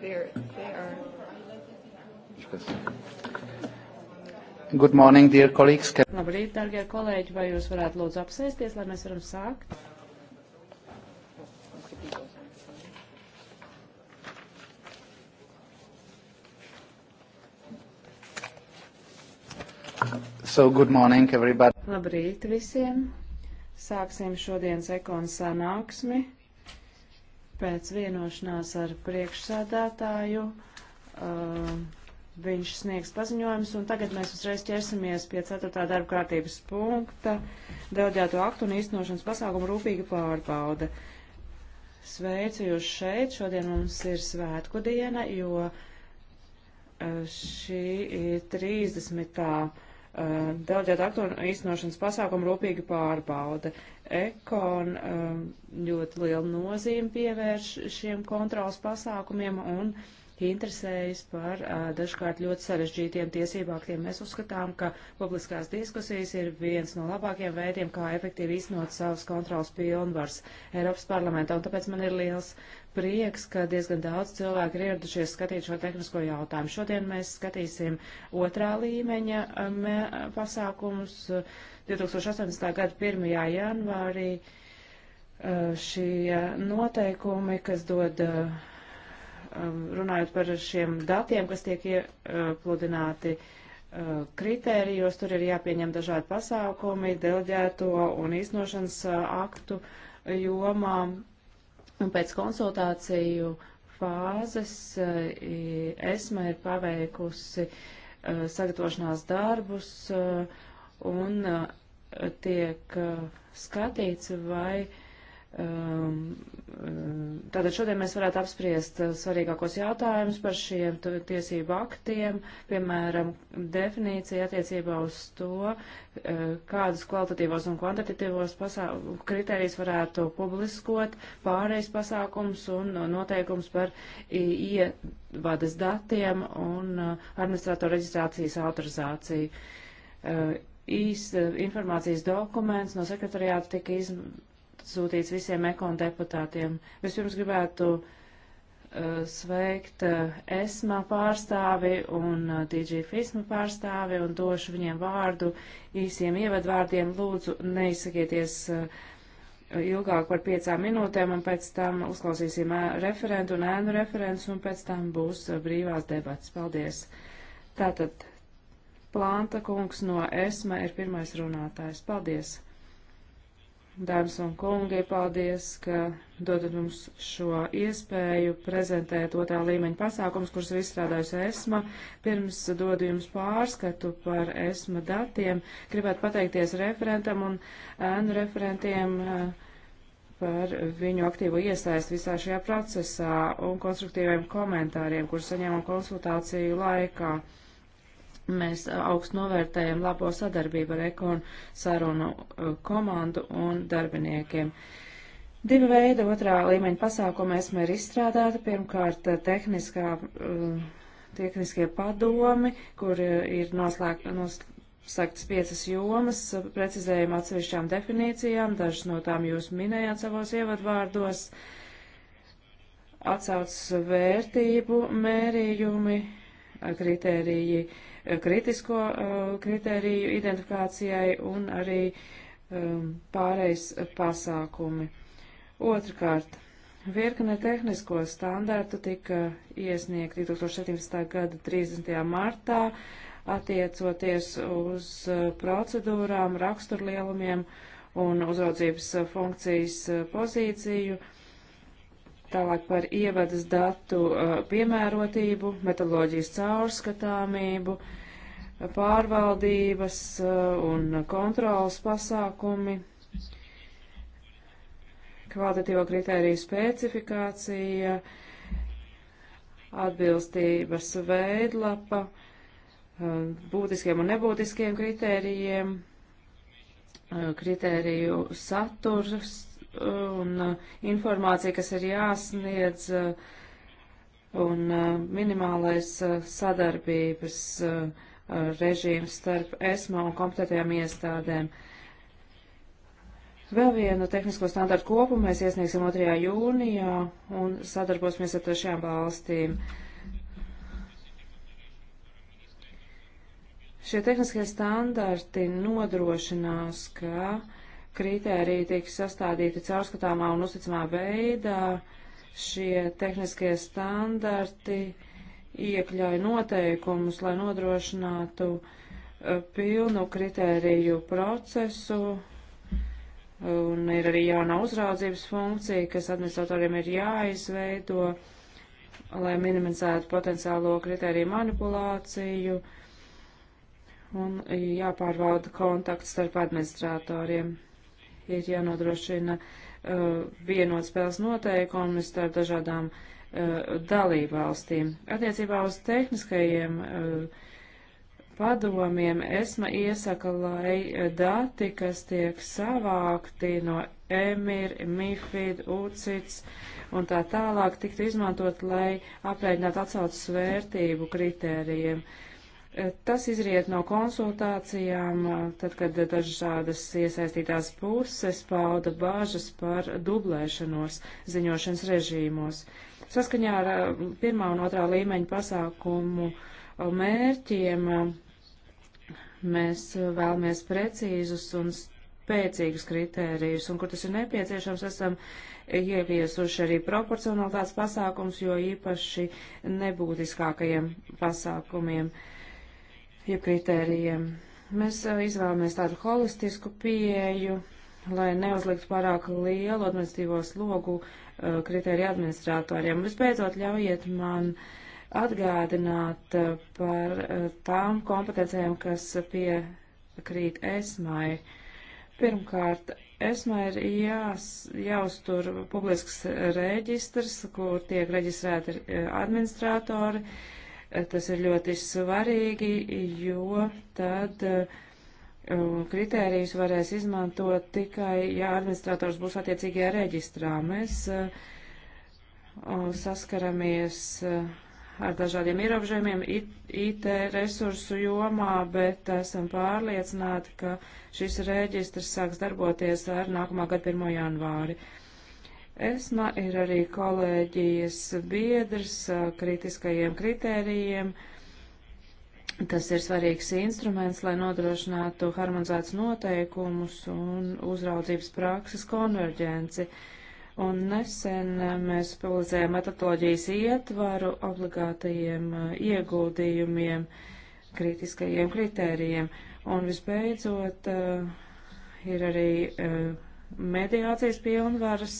They're, they are. Good morning, dear colleagues. Labrīt, darbie kolēģi, vai jūs varētu lūdzu apsēsties, lai mēs varam sākt? So, good morning, everybody. Labrīt visiem. Sāksim šodienas ekonas sanāksmi. Pēc vienošanās ar priekšsādātāju uh, um, viņš sniegs paziņojumus, un tagad mēs uzreiz ķersimies pie 4. darba kārtības punkta - delģēto aktu un īstenošanas pasākumu rūpīga pārbauda. Sveicu jūs šeit, šodien mums ir svētku diena, jo uh, šī ir 30. Eh, Delģēta aktu un īstenošanas pasākumu rūpīgi pārbauda. Ekon eh, ļoti lielu nozīmi pievērš šiem kontrols pasākumiem un interesējas par eh, dažkārt ļoti sarežģītiem tiesību aktiem. Mēs uzskatām, ka publiskās diskusijas ir viens no labākajiem veidiem, kā efektīvi īstenot savus kontrols pilnvars Eiropas parlamentā, un tāpēc man ir liels prieks, ka diezgan daudz cilvēku ir ieradušies skatīt šo tehnisko jautājumu. Šodien mēs skatīsim otrā līmeņa mē, pasākumus 2018. gada 1. janvārī. Uh, šie noteikumi, kas dod, uh, um, runājot par šiem datiem, kas tiek iepludināti uh, kritērijos, tur ir jāpieņem dažādi pasākumi, deleģēto un iznošanas aktu jomām Un pēc konsultāciju fāzes eh, ESMA ir paveikusi eh, sagatavošanās darbus eh, un tiek skatīts, vai Um, um, tātad šodien mēs varētu apspriest uh, svarīgākos jautājumus par šiem tiesību aktiem, piemēram, definīcija attiecībā uz to, uh, kādus kvalitatīvos un kvantitatīvos kriterijus varētu publiskot, pārejas pasākums un uh, noteikums par ievadas datiem un administratoru reģistrācijas autorizāciju. Īs informācijas dokuments no sekretariāta tika izmantots sūtīts visiem ekonu deputātiem. Vispirms gribētu uh, sveikt uh, ESMA pārstāvi un uh, DG FISMA pārstāvi un došu viņiem vārdu īsiem ievadvārdiem. Lūdzu, neizsakieties uh, ilgāk par piecām minūtēm un pēc tam uzklausīsim uh, referentu un ēnu referents un pēc tam būs uh, brīvās debats. Paldies! Tātad Plānta kungs no ESMA ir pirmais runātājs. Paldies! Dāmas un kungi, paldies, ka dodat mums šo iespēju prezentēt otrā līmeņa pasākums, kurus ir izstrādājusi ESMA. Pirms dodu jums pārskatu par ESMA datiem, gribētu pateikties referentam un ēnu referentiem eh, par viņu aktīvo iesaistu visā šajā procesā un konstruktīviem komentāriem, kurus saņēmām konsultāciju laikā. Mēs augstu novērtējam labo sadarbību ar ekonu sarunu uh, komandu un darbiniekiem. Divi veidi otrā līmeņa pasākumi esmu ir izstrādāti. Pirmkārt, uh, tehniskā, uh, tehniskie padomi, kur ir noslēgt, noslēgtas piecas jomas, precizējam atsevišķām definīcijām, dažas no tām jūs minējāt savos ievadvārdos atsaucas vērtību mērījumi, kritēriji kritisko eh, kritēriju identifikācijai un arī eh, pārejas pasākumi. Otrakārt, virkne tehnisko standārtu tika iesniegt 2017. gada 30. martā, attiecoties uz eh, procedūrām, raksturlielumiem un uzraudzības funkcijas pozīciju Tālāk par ievadas datu uh, piemērotību, metodoloģijas caurskatāmību, pārvaldības uh, un kontrolas pasākumi, kvalitatīvo kritēriju specifikācija, atbilstības veidlapa, uh, būtiskiem un nebūtiskiem kritērijiem, kritēriju saturs un uh, informācija, kas ir jāsniedz, uh, un uh, minimālais sadarbības režīms starp ESMA un kompetentajām iestādēm. Vēl vienu tehnisko standartu kopumu mēs iesniegsim 2. jūnijā un sadarbosimies ar trešajām valstīm. Šie tehniskie standarti nodrošinās, ka uh, kritēriji tiks sastādīti caurskatāmā un uzticamā veidā. Šie tehniskie standarti iekļauj noteikumus, lai nodrošinātu eh, pilnu kritēriju procesu. Un ir arī jauna uzraudzības funkcija, kas administratoriem ir jāizveido, lai minimizētu potenciālo kritēriju manipulāciju un jāpārbauda kontakts starp administratoriem ir jānodrošina uh, vienot spēles noteikumi starp dažādām uh, dalībvalstīm. Attiecībā uz tehniskajiem uh, padomiem ESMA iesaka, lai uh, dati, kas tiek savākti no EMIR, MIFID, UCITS un tā tālāk, tiktu izmantot, lai aprēķinātu atsaucas vērtību kritērijiem. Uh, Tas izriet no konsultācijām, tad, kad dažādas iesaistītās puses pauda bāžas par dublēšanos ziņošanas režīmos. Saskaņā ar um, pirmā un otrā līmeņa pasākumu um, mērķiem um, mēs vēlamies precīzus un spēcīgus kritērijus, un kur tas ir nepieciešams, esam ieviesuši arī proporcionalitātes pasākums, jo īpaši nebūtiskākajiem pasākumiem. Uh, jeb kritērijiem. Mēs eh, izvēlamies tādu holistisku pieeju, lai neuzliktu pārāk lielu administratīvo slogu eh, kritēriju administratoriem. Visbeidzot, ļaujiet man atgādināt eh, par tām kompetencijām, kas piekrīt esmai. Pirmkārt, esmai ir jās, jāuztur publisks reģistrs, kur tiek reģistrēti administratori Tas ir ļoti svarīgi, jo tad uh, kritērijus varēs izmantot tikai, ja administrators būs attiecīgajā reģistrā. Mēs uh, uh, saskaramies ar dažādiem ierobežojumiem IT resursu jomā, bet esam pārliecināti, ka šis reģistrs sāks darboties ar nākamā gada 1. janvāri. Uh, ESMA ir arī kolēģijas biedrs kritiskajiem kritērijiem. Tas ir svarīgs instruments, lai nodrošinātu harmonizētus noteikumus un uzraudzības prakses konverģenci. Un nesen mēs publicējām metodoloģijas ietvaru obligātajiem ieguldījumiem, kritiskajiem kritērijiem. Un visbeidzot, ir arī mediācijas pilnvaras,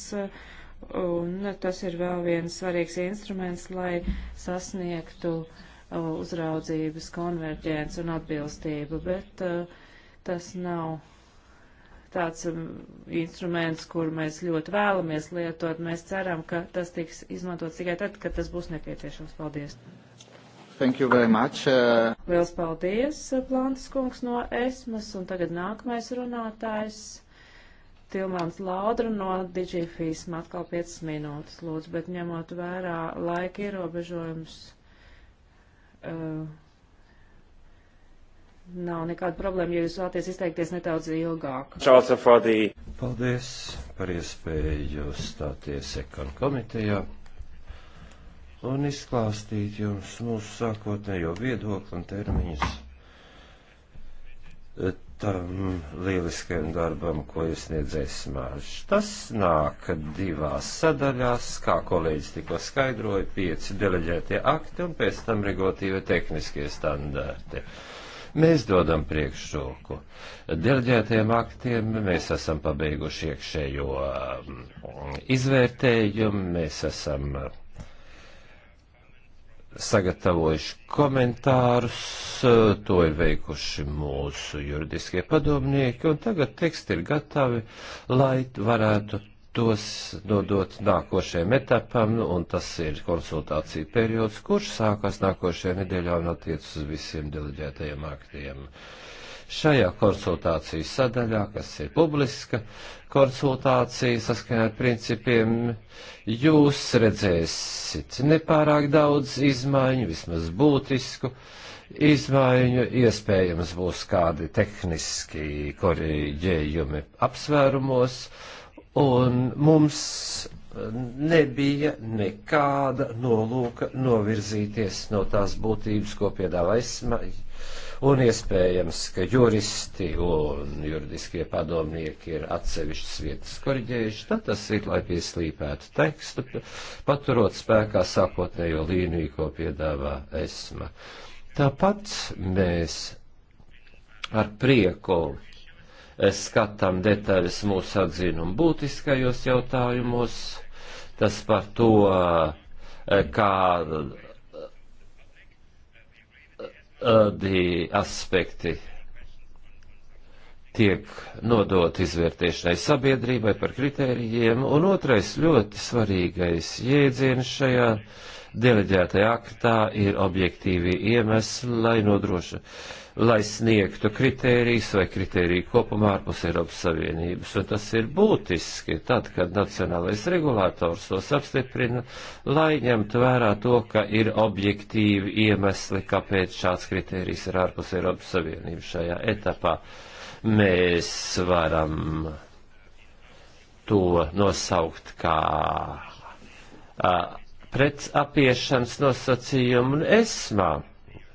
un tas ir vēl viens svarīgs instruments, lai sasniegtu uh, uzraudzības konverģents un atbilstību, bet uh, tas nav tāds um, instruments, kur mēs ļoti vēlamies lietot. Mēs ceram, ka tas tiks izmantots tikai tad, kad tas būs nepieciešams. Paldies! Thank you very much. Uh... Liels paldies, Plantas kungs no Esmas, un tagad nākamais runātājs Tilmāns Laudra no Digifīsma atkal 5 minūtes, lūdzu, bet ņemot vērā laika ierobežojums, uh, nav nekāda problēma, ja jūs vēlaties izteikties nedaudz ilgāk. Paldies par iespēju stāties ekonu komitejā un izklāstīt jums mūsu sākotnējo viedokli un termiņus tam lieliskajam darbam, ko iesniedzējs Mārš. Tas nāk divās sadaļās, kā kolēģis tikko skaidroja, pieci deleģētie akti un pēc tam regulatīvi tehniskie standarti. Mēs dodam priekšroku. Deleģētajiem aktiem mēs esam pabeiguši iekšējo mm, izvērtējumu, mēs esam uh, sagatavojuši komentārus, eh, to ir veikuši mūsu juridiskie padomnieki, un tagad teksti ir gatavi, lai varētu tos nodot nākošajam etapam, un tas ir konsultācija periods, kurš sākās nākošajā nedēļā un attiec uz visiem deleģētajiem aktiem. Uh, Šajā konsultāciju sadaļā, kas ir publiska konsultācija saskaņā ar principiem, jūs redzēsit nepārāk daudz izmaiņu, vismaz būtisku izmaiņu, iespējams būs kādi tehniski korīģējumi apsvērumos, un mums nebija nekāda nolūka novirzīties no tās būtības, ko piedāvā un iespējams, ka juristi un juridiskie padomnieki ir atsevišķas vietas koriģējuši, tad tas ir, lai pieslīpētu tekstu, paturot spēkā sākotnējo līniju, ko piedāvā esma. Tāpat mēs ar prieku eh, skatām detaļas mūsu atzinumu būtiskajos jautājumos, tas par to, eh, kā dažādi aspekti tiek nodot izvērtēšanai sabiedrībai par kritērijiem, un otrais ļoti svarīgais jēdziens šajā deleģētajā aktā ir objektīvi iemesli, lai nodrošinātu lai sniegtu kritērijas vai kritēriju kopumā ārpus Eiropas Savienības. Un tas ir būtiski tad, kad nacionālais regulators tos apstiprina, lai ņemtu vērā to, ka ir objektīvi iemesli, kāpēc šāds kritērijs ir ārpus Eiropas Savienības šajā etapā. Mēs varam to nosaukt kā. Uh, pret apiešanas nosacījumu un esmām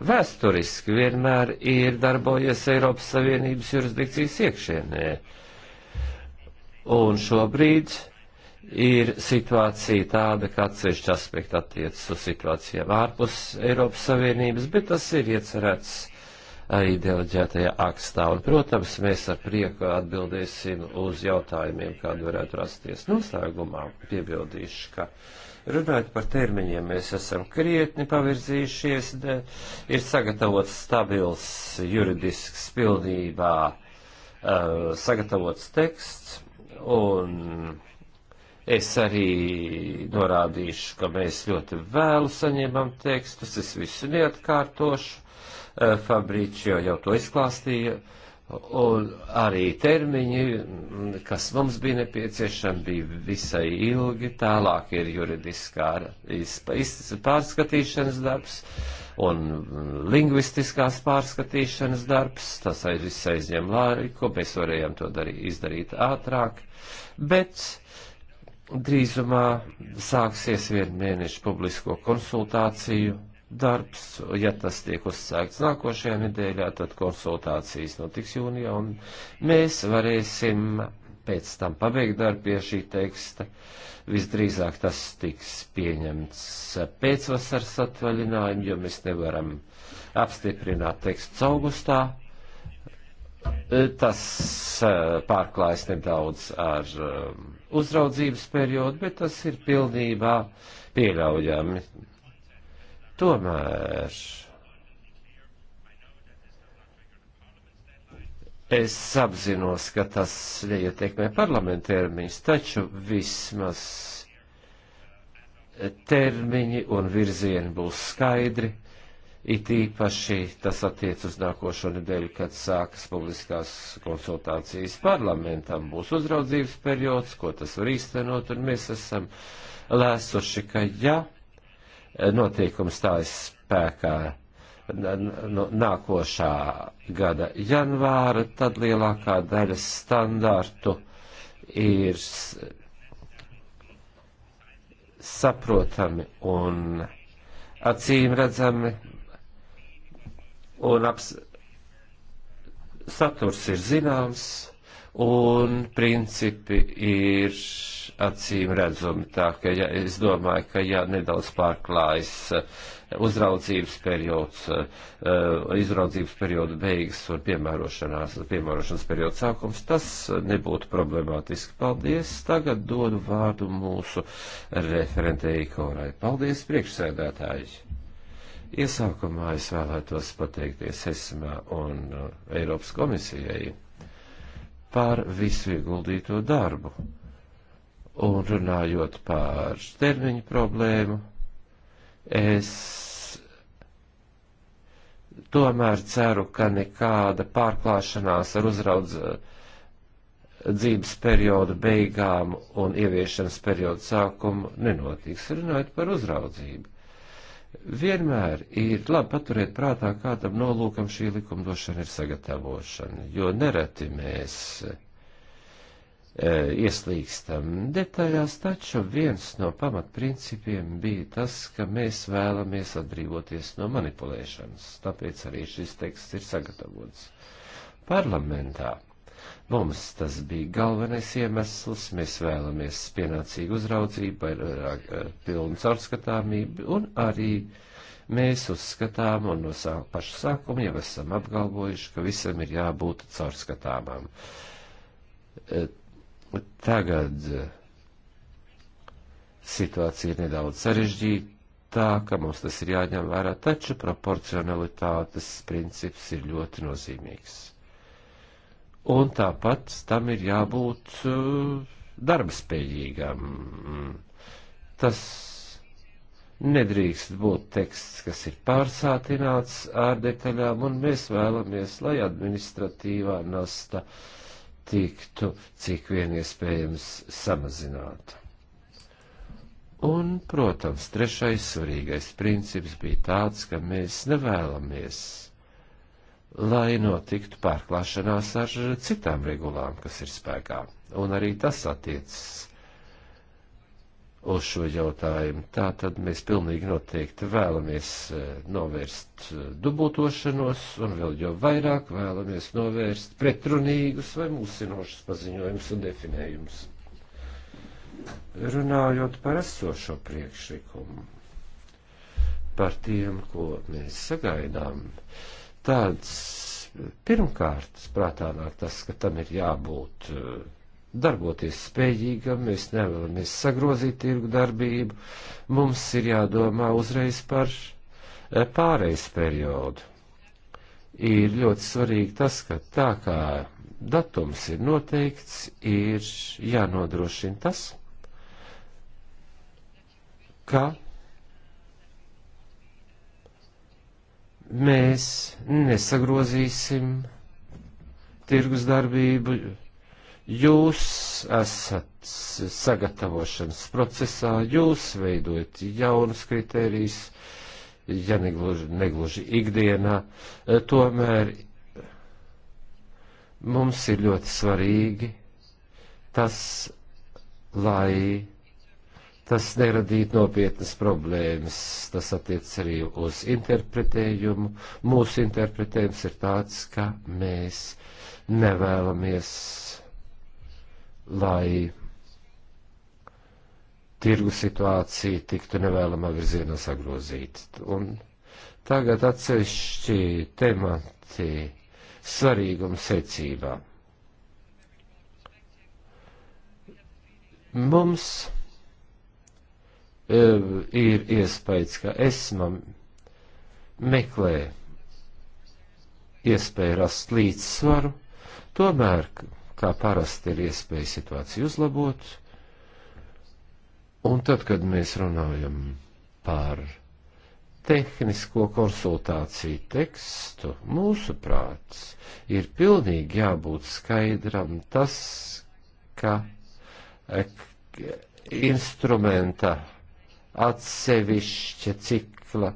vēsturiski vienmēr ir darbojies Eiropas Savienības jurisdikcijas iekšienē. Un šobrīd ir situācija tāda, ka atsevišķi aspekti attiecas uz situācijām ārpus Eiropas Savienības, bet tas ir iecerēts arī deleģētajā akstā. Un, protams, mēs ar prieku atbildēsim uz jautājumiem, kādi varētu rasties. Noslēgumā piebildīšu, ka Runājot par termiņiem, mēs esam krietni pavirzījušies, de, ir sagatavots stabils juridisks pilnībā uh, sagatavots teksts, un es arī norādīšu, ka mēs ļoti vēlu saņemam tekstus, es visu neatkārtošu, uh, Fabričio jau to izklāstīja. Uh, Un arī termiņi, kas mums bija nepieciešami, bija visai ilgi. Tālāk ir juridiskā pārskatīšanas darbs un lingvistiskās pārskatīšanas darbs. Tas viss aizņem laiku, mēs varējām to darīt, izdarīt ātrāk. Bet drīzumā sāksies vienu mēnešu publisko konsultāciju darbs, ja tas tiek uzsākts nākošajā nedēļā, tad konsultācijas notiks jūnijā, un mēs varēsim pēc tam pabeigt darbu pie šī teksta. Visdrīzāk tas tiks pieņemts pēcvasaras atvaļinājumu, jo mēs nevaram apstiprināt tekstu augustā. Tas eh, pārklājas nedaudz ar eh, uzraudzības periodu, bet tas ir pilnībā pieļaujami Tomēr es apzinos, ka tas neietekmē parlamentērmiņus, taču vismaz termiņi un virzieni būs skaidri. It īpaši tas attiec uz nākošo nedēļu, kad sākas publiskās konsultācijas parlamentam. Būs uzraudzības periods, ko tas var īstenot, un mēs esam lēsuši, ka ja notiekums stājas spēkā nu, nākošā gada janvāra, tad lielākā daļa standārtu ir saprotami un acīm redzami, un aps, saturs ir zināms, un principi ir acīm redzami. Tā ka ja, es domāju, ka ja nedaudz pārklājas eh, uzraudzības periods, eh, izraudzības perioda beigas un piemērošanās, piemērošanas perioda sākums, tas nebūtu problemātiski. Paldies! Tagad dodu vārdu mūsu referentei Korai. Paldies, priekšsēdētāji! Iesākumā es vēlētos pateikties ESMA un eh, Eiropas komisijai par visu ieguldīto darbu Un runājot par termiņu problēmu, es tomēr ceru, ka nekāda pārklāšanās ar uzraudz eh, dzīves periodu beigām un ieviešanas periodu sākumu nenotiks. Runājot par uzraudzību, vienmēr ir labi paturēt prātā, kādam nolūkam šī likumdošana ir sagatavošana, jo nereti mēs E, ieslīgstam detaļās, taču viens no pamatprincipiem bija tas, ka mēs vēlamies atbrīvoties no manipulēšanas, tāpēc arī šis teksts ir sagatavots parlamentā. Mums tas bija galvenais iemesls, mēs vēlamies pienācīgu uzraudzību, e, pilnu caurskatāmību, un arī mēs uzskatām, un no sāk, paša sākuma jau esam apgalvojuši, ka visam ir jābūt caurskatāmām. E, Tagad eh, situācija ir nedaudz sarežģītāka, mums tas ir jāņem vērā, taču proporcionalitātes princips ir ļoti nozīmīgs. Un tāpat tam ir jābūt eh, darbspējīgam. Mm. Tas nedrīkst būt teksts, kas ir pārsātināts ar detaļām, un mēs vēlamies, lai administratīvā nasta uh, tiktu cik vien iespējams samazināta. Un, protams, trešais svarīgais princips bija tāds, ka mēs nevēlamies, lai notiktu pārklāšanās ar citām regulām, kas ir spēkā. Un arī tas attiecas uz šo jautājumu. Tā tad mēs pilnīgi noteikti vēlamies eh, novērst eh, dubultošanos un vēl jau vairāk vēlamies novērst pretrunīgus vai mūsinošus paziņojumus un definējumus. Runājot par esošo priekšlikumu, par tiem, ko mēs sagaidām, tāds pirmkārt prātā nāk tas, ka tam ir jābūt uh, darboties spējīgam, mēs nevēlamies sagrozīt tirgu darbību, mums ir jādomā uzreiz par eh, pārejas periodu. Ir ļoti svarīgi tas, ka tā kā datums ir noteikts, ir jānodrošina tas, ka mēs nesagrozīsim tirgus darbību Jūs esat sagatavošanas procesā, jūs veidojat jaunas kritērijas, ja negluži, negluži ikdienā, tomēr mums ir ļoti svarīgi tas, lai tas neradītu nopietnas problēmas. Tas attiec arī uz interpretējumu. Mūsu interpretējums ir tāds, ka mēs nevēlamies lai tirgu situācija tiktu nevēlamā virzienā sagrozīta. Un tagad atsevišķi temati svarīguma secībā. Mums e, ir iespējas, ka esmam meklē iespēju rast līdzsvaru, tomēr kā parasti ir iespēja situāciju uzlabot. Un tad, kad mēs runājam par tehnisko konsultāciju tekstu, mūsu prāts ir pilnīgi jābūt skaidram tas, ka e, instrumenta atsevišķa cikla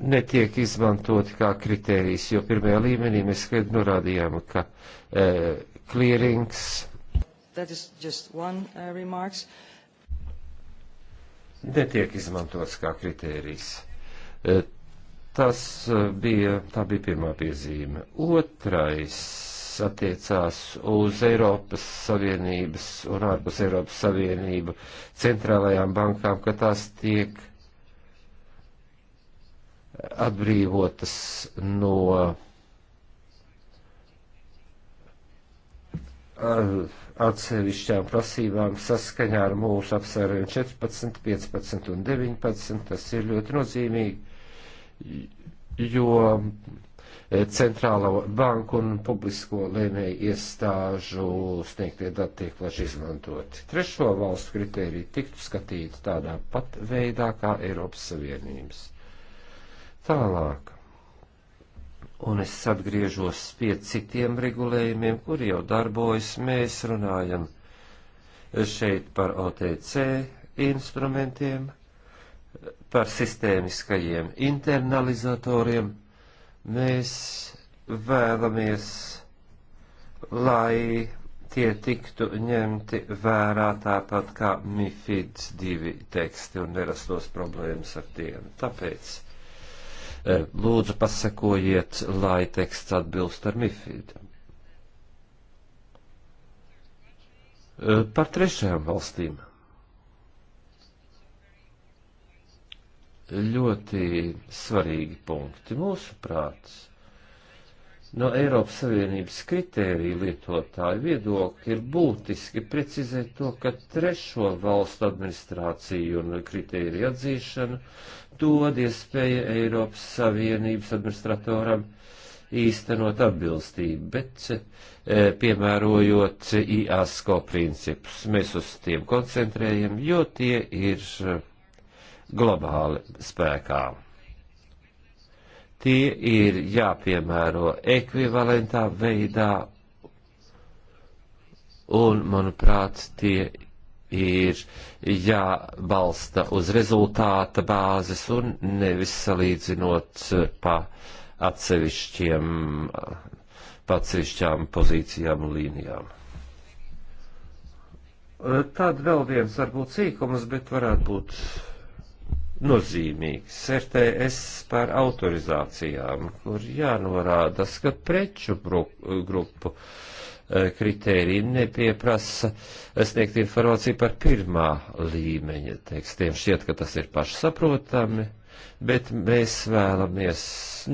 netiek izmantoti kā kritērijs, jo pirmajā līmenī mēs skaidri norādījām, ka uh, clearings. One, uh, remarks. netiek izmantots kā kritērijs. Uh, e, tas bija, tā bija pirmā piezīme. Otrais attiecās uz Eiropas Savienības un ārpus Eiropas Savienību centrālajām bankām, ka tās tiek atbrīvotas no atsevišķām prasībām saskaņā ar mūsu apsvērumiem 14, 15 un 19. Tas ir ļoti nozīmīgi, jo eh, centrālo banku un publisko lēmēju iestāžu sniegtie dati tiek plaši izmantoti. Trešo valstu kritēriju tiktu skatīti tādā pat veidā kā Eiropas Savienības. Tālāk. Un es atgriežos pie citiem regulējumiem, kur jau darbojas. Mēs runājam šeit par OTC instrumentiem, par sistēmiskajiem internalizatoriem. Mēs vēlamies, lai tie tiktu ņemti vērā tāpat kā MIFIDS divi teksti un nerastos problēmas ar tiem. Tāpēc E, lūdzu, pasekojiet, lai teksts atbilst ar MIFID. E, par trešajām valstīm. Ļoti svarīgi punkti mūsu prāts No Eiropas Savienības kritērija lietotāju viedokļa ir būtiski precizēt to, ka trešo valstu administrāciju un kritēriju atzīšanu dod iespēja Eiropas Savienības administratoram īstenot atbilstību, bet e, piemērojot IASCO principus. Mēs uz tiem koncentrējam, jo tie ir globāli spēkā tie ir jāpiemēro ekvivalentā veidā, un, manuprāt, tie ir jābalsta uz rezultāta bāzes un nevis salīdzinot pa atsevišķiem, pa atsevišķām pozīcijām un līnijām. Tad vēl viens varbūt sīkums, bet varētu būt nozīmīgs RTS par autorizācijām, kur jānorādas, ka preču grupu eh, kritēriji nepieprasa sniegt informāciju par pirmā līmeņa tekstiem. Šķiet, ka tas ir pašsaprotami, bet mēs vēlamies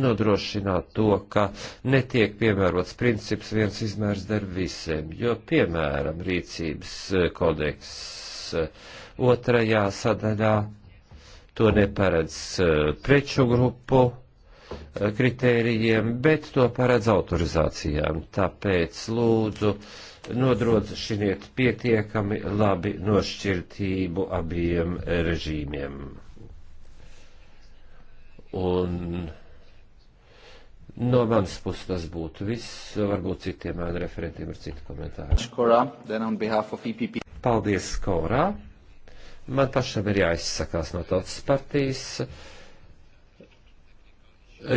nodrošināt to, ka netiek piemērots princips viens izmērs der visiem, jo, piemēram, rīcības eh, kodeks eh, otrajā sadaļā to neparedz eh, preču grupu eh, kritērijiem, bet to paredz autorizācijām. Tāpēc lūdzu nodrošiniet pietiekami labi nošķirtību abiem režīmiem. Un no manas puses tas būtu viss. Varbūt citiem referentiem ir citi komentāri. E Paldies, Korā! Man pašam ir jāizsakās no tautas partijas,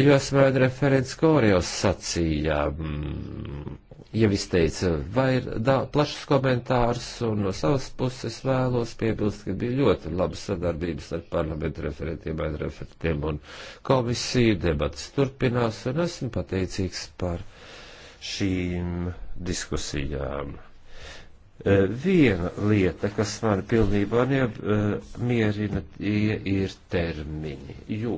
jo esmu referents Korijos sacījā, mm, jau izteica vair, da, plašus komentārus, un no savas puses vēlos piebilst, ka bija ļoti laba sadarbības ar parlamentu referentiem, ar referentiem un komisiju, debats turpinās, un esmu pateicīgs par šīm diskusijām. Eh, viena lieta, kas man pilnībā neapmierina, eh, tie ir termiņi, jo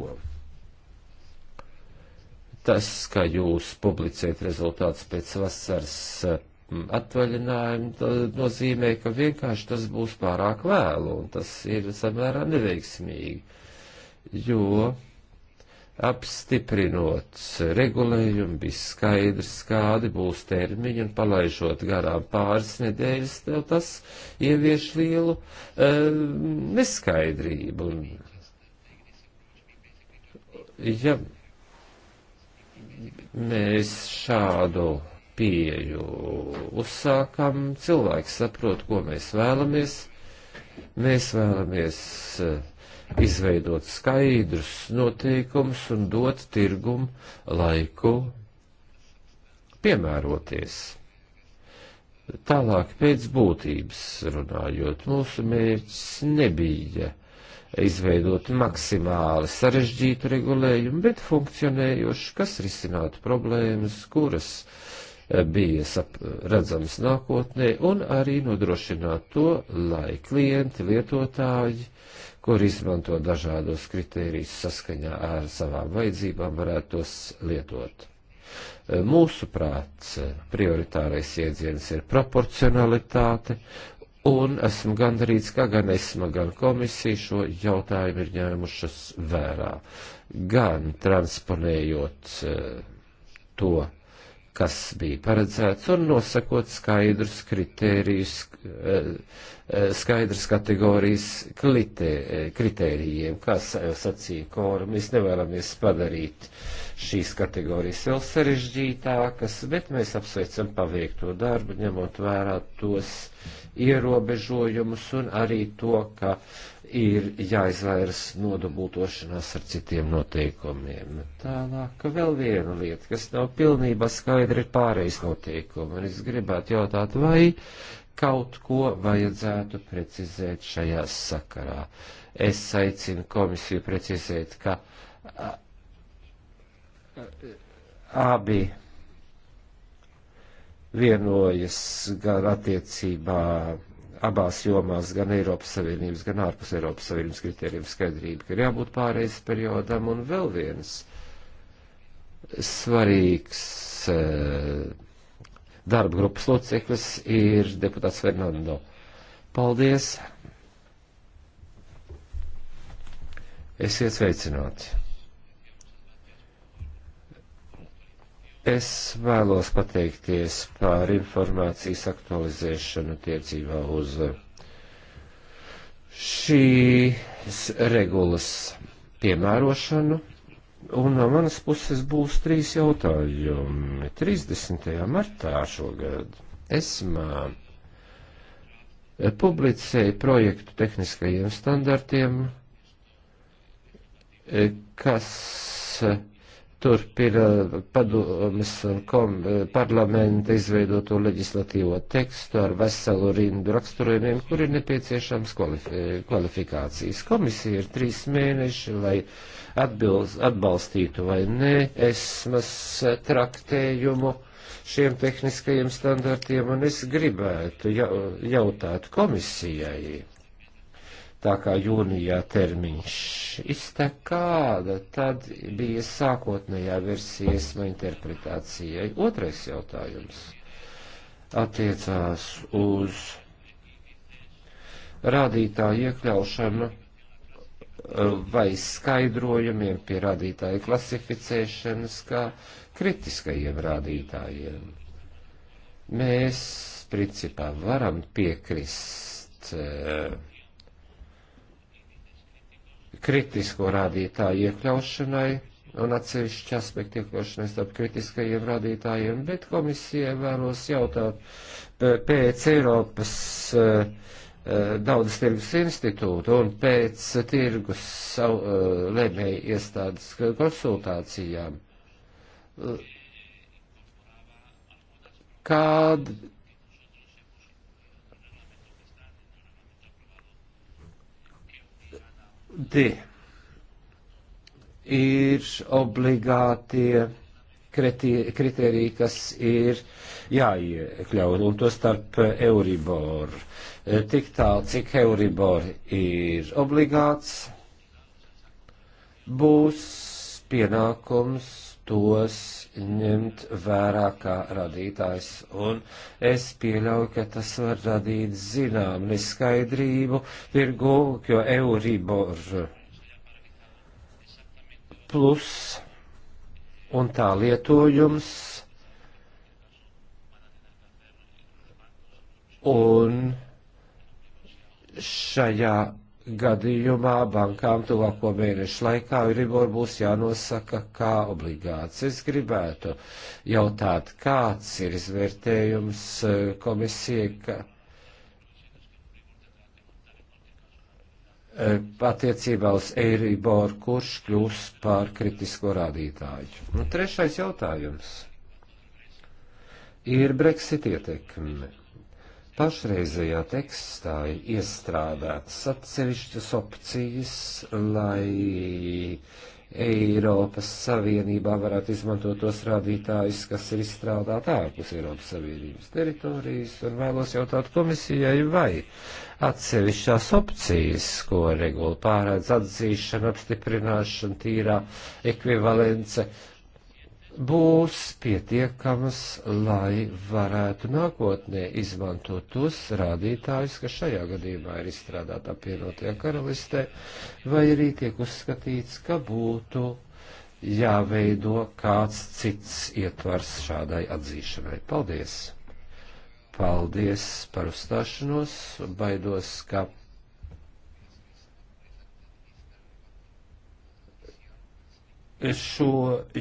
tas, ka jūs publicējat rezultātus pēc vasaras eh, atvaļinājuma, nozīmē, ka vienkārši tas būs pārāk vēlu, un tas ir samērā neveiksmīgi, jo apstiprinot regulējumu, bija skaidrs, kādi būs termiņi, un palaižot garām pāris nedēļas, tas ievieš lielu e, neskaidrību. Un, ja mēs šādu pieju uzsākam, cilvēks saprot, ko mēs vēlamies. Mēs vēlamies. E, izveidot skaidrus noteikumus un dot tirgumu laiku piemēroties. Tālāk pēc būtības runājot, mūsu mērķis nebija izveidot maksimāli sarežģītu regulējumu, bet funkcionējošu, kas risinātu problēmas, kuras eh, bija sap, redzams nākotnē, un arī nodrošināt to, lai klienti, lietotāji kur izmanto dažādos kritērijus saskaņā ar savām vajadzībām, varētu tos lietot. Mūsu prāts prioritārais iedziens ir proporcionalitāte, un esmu gandarīts, ka gan esma, gan komisija šo jautājumu ir ņēmušas vērā, gan transponējot eh, to kas bija paredzēts, un nosakot skaidrus kritērijus, eh, eh, skaidras kategorijas eh, kritērijiem, kā sacīja Kora. Mēs nevēlamies padarīt šīs kategorijas vēl sarežģītākas, bet mēs apsveicam paveikto darbu, ņemot vērā tos ierobežojumus un arī to, ka uh, ir jāizvairas nodobultošanās ar citiem noteikumiem. Tālāk, ka vēl viena lieta, kas nav pilnībā skaidra, ir pārējais noteikumi. Un es gribētu jautāt, vai kaut ko vajadzētu precizēt šajā sakarā. Es aicinu komisiju precizēt, ka a, a, abi vienojas gan attiecībā abās jomās, gan Eiropas Savienības, gan ārpus Eiropas Savienības kritērijiem skaidrība, ka ir jābūt pārējais periodam un vēl viens svarīgs eh, darba grupas loceklis ir deputāts Fernando. Paldies! Esiet sveicināti! Es vēlos pateikties par informācijas aktualizēšanu tiecībā uz šīs regulas piemērošanu, un no manas puses būs trīs jautājumi. 30. martā šogad esmā publicēja projektu tehniskajiem standartiem, kas turpina padomis un kom, parlamenta izveidoto leģislatīvo tekstu ar veselu rindu raksturojumiem, kur ir nepieciešams kvalifi kvalifikācijas. Komisija ir trīs mēneši, lai atbilz, atbalstītu vai nē esmas traktējumu šiem tehniskajiem standartiem, un es gribētu jautāt komisijai tā kā jūnijā termiņš iztek kāda, tad bija sākotnējā versija iesma interpretācijai. Otrais jautājums attiecās uz rādītāju iekļaušanu vai skaidrojumiem pie rādītāju klasificēšanas kā kritiskajiem rādītājiem. Mēs, principā, varam piekrist uh, kritisko rādītāju iekļaušanai un atsevišķi aspekti iekļaušanai starp kritiskajiem rādītājiem, bet komisijai vēlos jautāt e, pēc Eiropas uh, daudzas tirgus institūta un pēc tirgus savu, uh, lēmēju iestādes konsultācijām. Kāda D ir obligātie kritēriji, kas ir jāiekļaut, un to starp Euribor. E, tik tālu, cik Euribor ir obligāts, būs pienākums tos ņemt vērā kā radītājs, un es pieļauju, ka tas var radīt zinām neskaidrību tirgu, jo Euribor plus un tā lietojums un šajā gadījumā bankām tuvāko mēnešu laikā Euribor būs jānosaka kā obligāts. Es gribētu jautāt, kāds ir izvērtējums eh, komisijai, ka eh, attiecībā uz Eiriboru, kurš kļūs par kritisko rādītāju. Un trešais jautājums ir Brexit ietekme. Pašreizējā tekstā ir iestrādātas atsevišķas opcijas, lai Eiropas Savienībā varētu izmantot tos rādītājus, kas ir izstrādāti ārpus Eiropas Savienības teritorijas, un vēlos jautāt komisijai, vai atsevišķās opcijas, ko regula pārēdz atzīšana, apstiprināšana, tīrā ekvivalence, uh, būs pietiekamas, lai varētu nākotnē izmantot tos rādītājus, kas šajā gadījumā ir izstrādāti apvienotajā karalistē, vai arī tiek uzskatīts, ka būtu jāveido kāds cits ietvars šādai atzīšanai. Paldies! Paldies par uzstāšanos, baidos, ka šo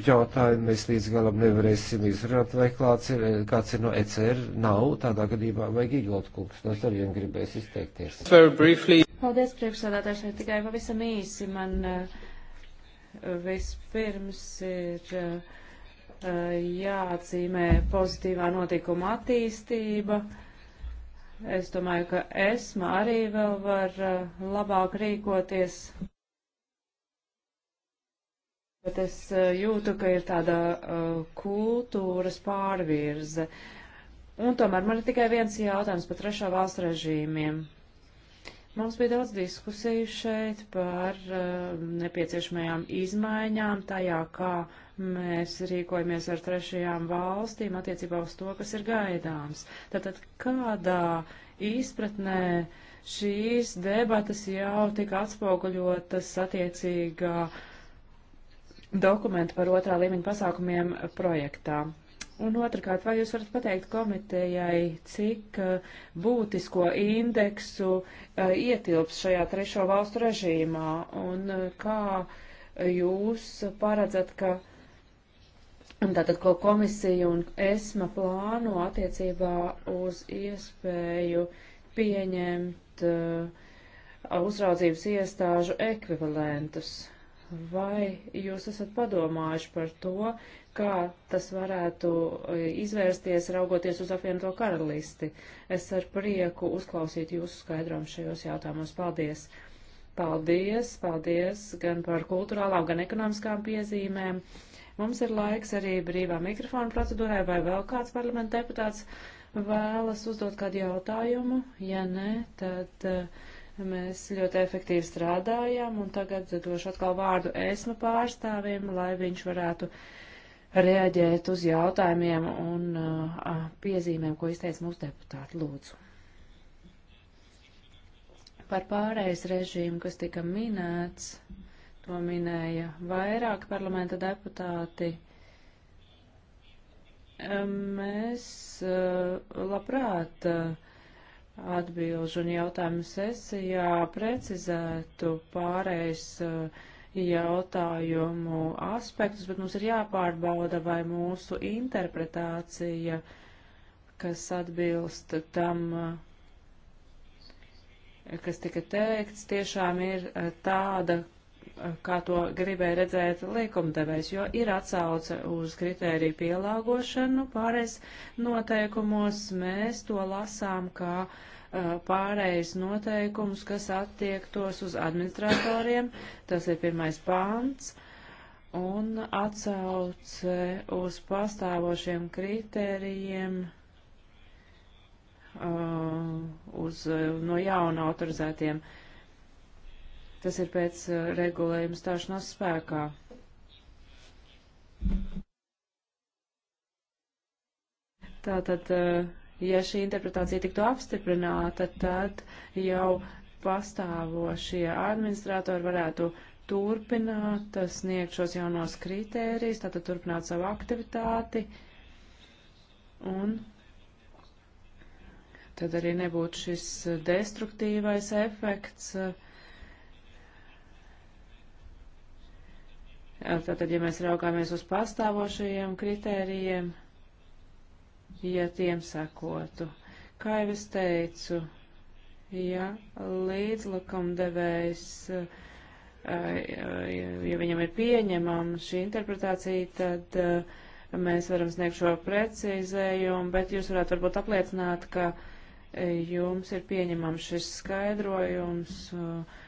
jautājumu mēs līdz galam nevarēsim izrunāt, vai klāts ir, kāds ir no ECR, nav, tādā gadījumā vajag Igolda kungs, no sariem gribēs izteikties. Paldies, priekšsādātāji, šeit tikai pavisam īsi man eh, vispirms ir eh, jāatzīmē pozitīvā notikuma attīstība. Es domāju, ka esma arī vēl var eh, labāk rīkoties. Bet es eh, jūtu, ka ir tāda uh, kultūras pārvirze. Un tomēr man ir tikai viens jautājums par trešā valsts režīmiem. Mums bija daudz diskusiju šeit par uh, nepieciešamajām izmaiņām tajā, kā mēs rīkojamies ar trešajām valstīm attiecībā uz to, kas ir gaidāms. Tātad kādā izpratnē šīs debatas jau tika atspoguļotas attiecīgā uh, dokumentu par otrā līmeņa pasākumiem projektā. Un otrkārt, vai jūs varat pateikt komitejai, cik uh, būtisko indeksu uh, ietilps šajā trešo valstu režīmā un uh, kā jūs paredzat, ka tātad, ko komisija un ESMA plāno attiecībā uz iespēju pieņemt uh, uzraudzības iestāžu ekvivalentus? Vai jūs esat padomājuši par to, kā tas varētu e, izvērsties, raugoties uz apvienoto karalisti? Es ar prieku uzklausītu jūsu skaidrojumu šajos jautājumos. Paldies! Paldies, paldies gan par kultūrālām, gan ekonomiskām piezīmēm. Mums ir laiks arī brīvā mikrofona procedūrai, vai vēl kāds parlamenta deputāts vēlas uzdot kādu jautājumu. Ja nē, tad. Uh, Mēs ļoti efektīvi strādājām, un tagad došu atkal vārdu ēsma pārstāvim, lai viņš varētu reaģēt uz jautājumiem un uh, piezīmēm, ko izteica mūsu deputāti. Lūdzu. Par pārējais režīmu, kas tika minēts, to minēja vairāk parlamenta deputāti. Mēs uh, labprāt. Uh, atbilžu un jautājumu sesijā precizētu pārējais uh, jautājumu aspektus, bet mums ir jāpārbauda, vai mūsu interpretācija, kas atbilst tam, uh, kas tika teikts, tiešām ir uh, tāda, kā to gribēja redzēt likumdevējs, jo ir atsauce uz kritēriju pielāgošanu pārējais noteikumos. Mēs to lasām kā pārējais noteikums, kas attiektos uz administratoriem. Tas ir pirmais pāns. Un atsauce uz pastāvošiem kritērijiem uh, uz, no jauna autorizētiem uh, Tas ir pēc uh, regulējuma stāšanās spēkā. Tātad, uh, ja šī interpretācija tiktu apstiprināta, tad jau pastāvošie administratori varētu turpināt uh, sniegt šos jaunos kritērijus, tātad turpināt savu aktivitāti un tad arī nebūtu šis destruktīvais efekts. Uh, Tātad, ja mēs raugāmies uz pastāvošajiem kritērijiem, ja tiem sakotu, kā jau es teicu, ja līdzlikumdevējs, ja viņam ir pieņemama šī interpretācija, tad mēs varam sniegt šo precīzējumu, bet jūs varētu varbūt apliecināt, ka jums ir pieņemams šis skaidrojums. Uh,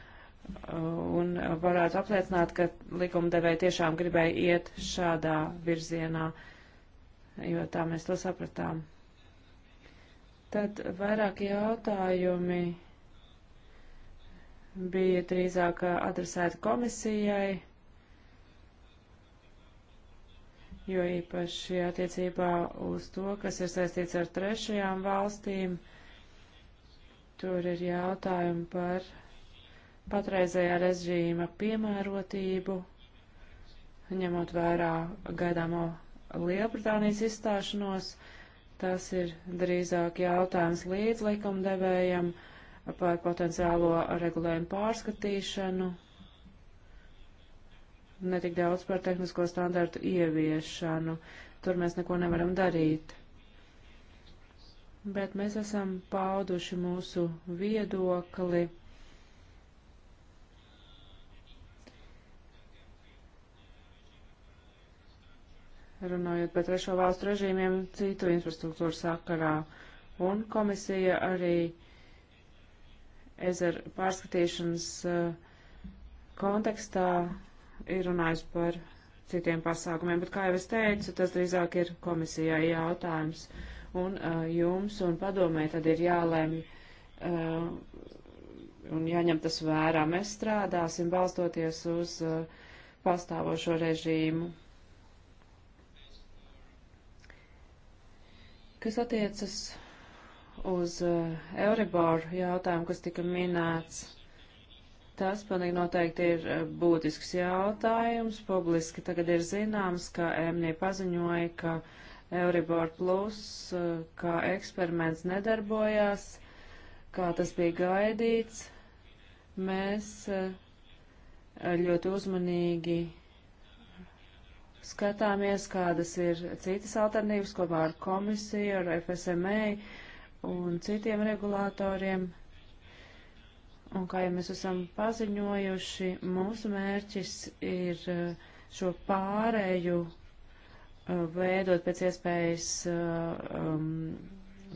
un varētu apliecināt, ka likumdevēji tiešām gribēja iet šādā virzienā, jo tā mēs to sapratām. Tad vairāki jautājumi bija drīzāk adresēti komisijai, jo īpaši attiecībā uz to, kas ir saistīts ar trešajām valstīm, tur ir jautājumi par patreizējā režīma piemērotību, ņemot vērā gaidāmo Lielbritānijas izstāšanos. Tas ir drīzāk jautājums līdz likumdevējam par potenciālo regulējumu pārskatīšanu, netik daudz par tehnisko standartu ieviešanu. Tur mēs neko nevaram darīt. Bet mēs esam pauduši mūsu viedokli runājot par trešo valstu režīmiem citu infrastruktūru sakarā. Un komisija arī ezer pārskatīšanas eh, kontekstā ir runājusi par citiem pasākumiem, bet, kā jau es teicu, tas drīzāk ir komisijai jautājums. Un uh, jums un padomē tad ir jālēm uh, un jāņem tas vērā. Mēs strādāsim balstoties uz uh, pastāvošo režīmu. Kas attiecas uz eh, Euriboru jautājumu, kas tika minēts, tas pilnīgi noteikti ir eh, būtisks jautājums. Publiski tagad ir zināms, ka EMNI paziņoja, ka Euribor plus eh, kā eksperiments nedarbojās, kā tas bija gaidīts. Mēs ļoti uzmanīgi skatāmies, kādas ir citas alternatīvas kopā ar komisiju, ar FSMA un citiem regulātoriem. Un kā jau mēs esam paziņojuši, mūsu mērķis ir uh, šo pārēju uh, veidot pēc iespējas uh, um,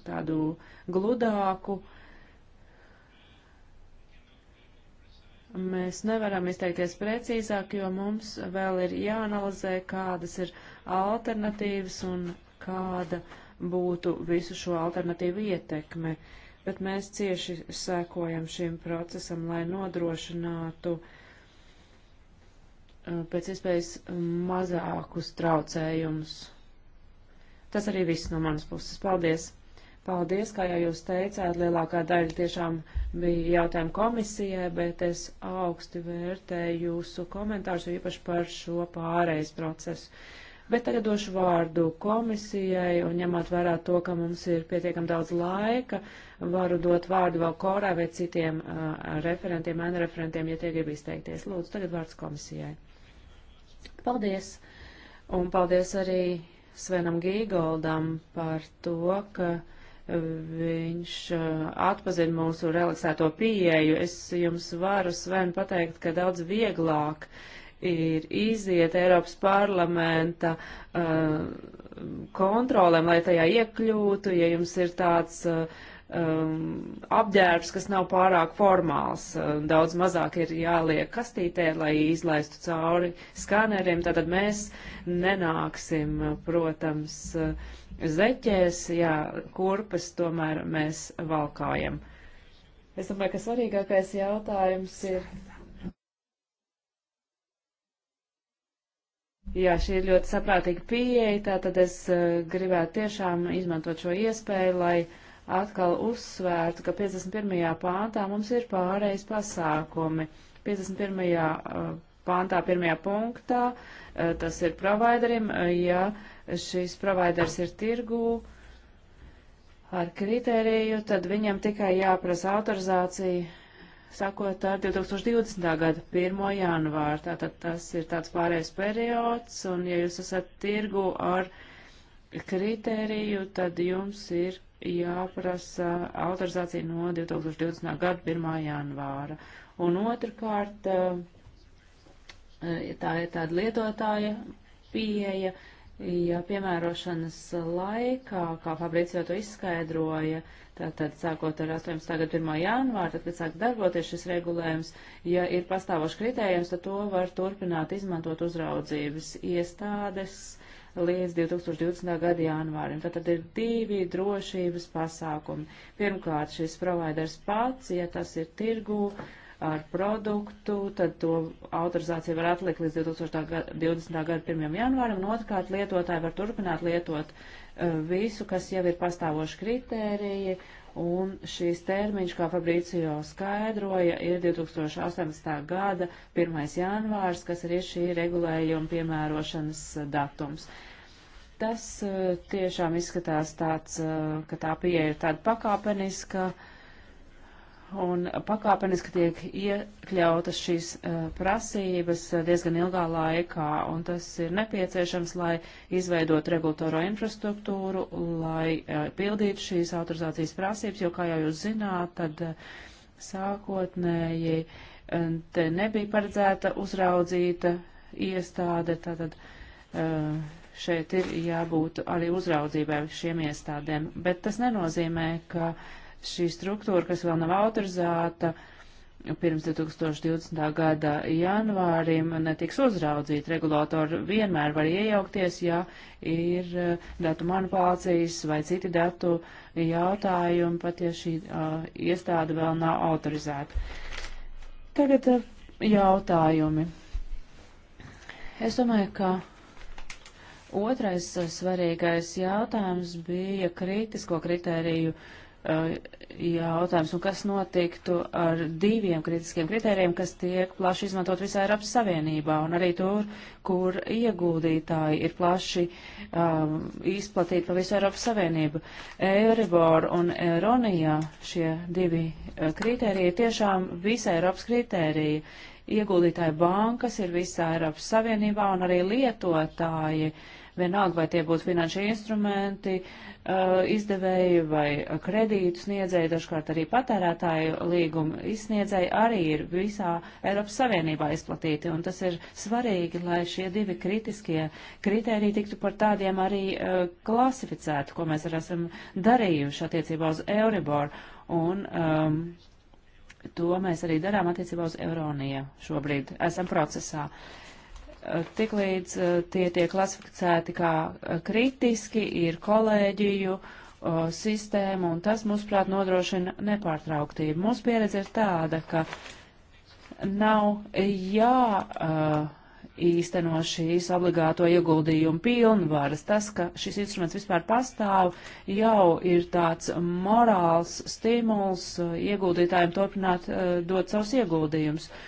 tādu gludāku uh, Mēs nevaram izteikties precīzāk, jo mums vēl ir jāanalizē, kādas ir alternatīvas un kāda būtu visu šo alternatīvu ietekme. Bet mēs cieši sekojam šim procesam, lai nodrošinātu uh, pēc iespējas mazākus traucējumus. Tas arī viss no manas puses. Paldies! Paldies, kā jau jūs teicāt, lielākā daļa tiešām bija jautājumi komisijai, bet es augsti vērtēju jūsu komentārus, jo īpaši par šo pārējais procesu. Bet tagad došu vārdu komisijai, un ņemot vērā to, ka mums ir pietiekam daudz laika, varu dot vārdu vēl korā vai citiem uh, referentiem, ēna referentiem, ja tie grib izteikties. Lūdzu, tagad vārds komisijai. Paldies! Un paldies arī Svenam Gīgoldam par to, ka viņš atpazina mūsu realizēto pieeju. Es jums varu, Sven, pateikt, ka daudz vieglāk ir iziet Eiropas parlamenta uh, kontrolēm, lai tajā iekļūtu, ja jums ir tāds uh, um, apģērbs, kas nav pārāk formāls. Daudz mazāk ir jāliek kastītē, lai izlaistu cauri skaneriem. Tātad mēs nenāksim, protams, uh, zeķēs, jā, kurpes tomēr mēs valkājam. Es domāju, ka svarīgākais jautājums ir. Jā, šī ir ļoti saprātīga pieeja, tātad es uh, gribētu tiešām izmantot šo iespēju, lai atkal uzsvērtu, ka 51. pāntā mums ir pārējais pasākumi. 51. Eh, pāntā, pirmajā punktā uh, Eh, tas ir provideriem, eh, ja šis providers ir tirgū ar kritēriju, tad viņam tikai jāprasa autorizācija, sakot ar 2020. gada 1. janvāru. Tātad tas ir tāds pārējais periods, un ja jūs esat tirgu ar kritēriju, tad jums ir jāprasa autorizācija no 2020. gada 1. janvāra. Un otrkārt, uh, tā ir tāda lietotāja pieeja, ja piemērošanas laikā, kā Fabricio to izskaidroja, tātad sākot ar 18. gada 1. janvāru, tad, kad sāk darboties šis regulējums, ja ir pastāvošs kritējums, tad to var turpināt izmantot uzraudzības iestādes līdz 2020. gada janvārim. Tātad ir divi drošības pasākumi. Pirmkārt, šis providers pats, ja tas ir tirgū, uh, ar produktu, tad to autorizāciju var atlikt līdz 2020. gada 1. janvāram, un otrkārt lietotāji var turpināt lietot uh, visu, kas jau ir pastāvoši kritēriji, un šīs termiņš, kā Fabricio skaidroja, ir 2018. gada 1. janvārs, kas ir šī regulējuma piemērošanas datums. Tas uh, tiešām izskatās tāds, uh, ka tā pieeja ir tāda pakāpeniska. Ka un pakāpeniski tiek iekļautas šīs uh, prasības eh, diezgan ilgā laikā, un tas ir nepieciešams, lai izveidot regulatoro infrastruktūru, lai uh, pildītu šīs autorizācijas prasības, jo, kā jau jūs zināt, tad uh, sākotnēji te nebija paredzēta uzraudzīta iestāde, tātad šeit ir jābūt arī uzraudzībai šiem iestādēm, bet tas nenozīmē, ka uh, šī struktūra, kas vēl nav autorizēta, pirms 2020. gada janvārim netiks uzraudzīta. Regulātori vienmēr var iejaukties, ja ir uh, datu manipulācijas vai citi datu jautājumi, pat ja šī uh, iestāde vēl nav autorizēta. Tagad uh, jautājumi. Es domāju, ka otrais uh, svarīgais jautājums bija kritisko kritēriju uh, Uh, jautājums, un kas notiktu ar diviem kritiskiem kritērijiem, kas tiek plaši izmantot visā Eiropas Savienībā, un arī tur, kur ieguldītāji ir plaši um, izplatīti pa visu Eiropas Savienību. Euribor un Eronija šie divi uh, kritēriji tiešām visā Eiropas kritērija. Ieguldītāji bankas ir visā Eiropas Savienībā un arī lietotāji. Uh, vienalga, vai tie būtu finanšu instrumenti, uh, izdevēji vai kredītu sniedzēji, dažkārt arī patērētāju līgumu izsniedzēji arī ir visā Eiropas Savienībā izplatīti, un tas ir svarīgi, lai šie divi kritiskie kritēriji tiktu par tādiem arī uh, klasificēti, ko mēs arī esam darījuši attiecībā uz Euribor. Un, um, To mēs arī darām attiecībā uz Eironiju šobrīd. Esam procesā. Uh, tiklīdz eh, tie tiek klasificēti kā eh, kritiski, ir kolēģiju sistēma, un tas, mūsuprāt, nodrošina nepārtrauktību. Mūsu pieredze ir tāda, ka nav jā eh, īsteno šīs obligāto ieguldījumu pilnvaras. Tas, ka šis instruments vispār pastāv, jau ir tāds morāls stimuls ieguldītājiem turpināt dot savus ieguldījumus. Uh,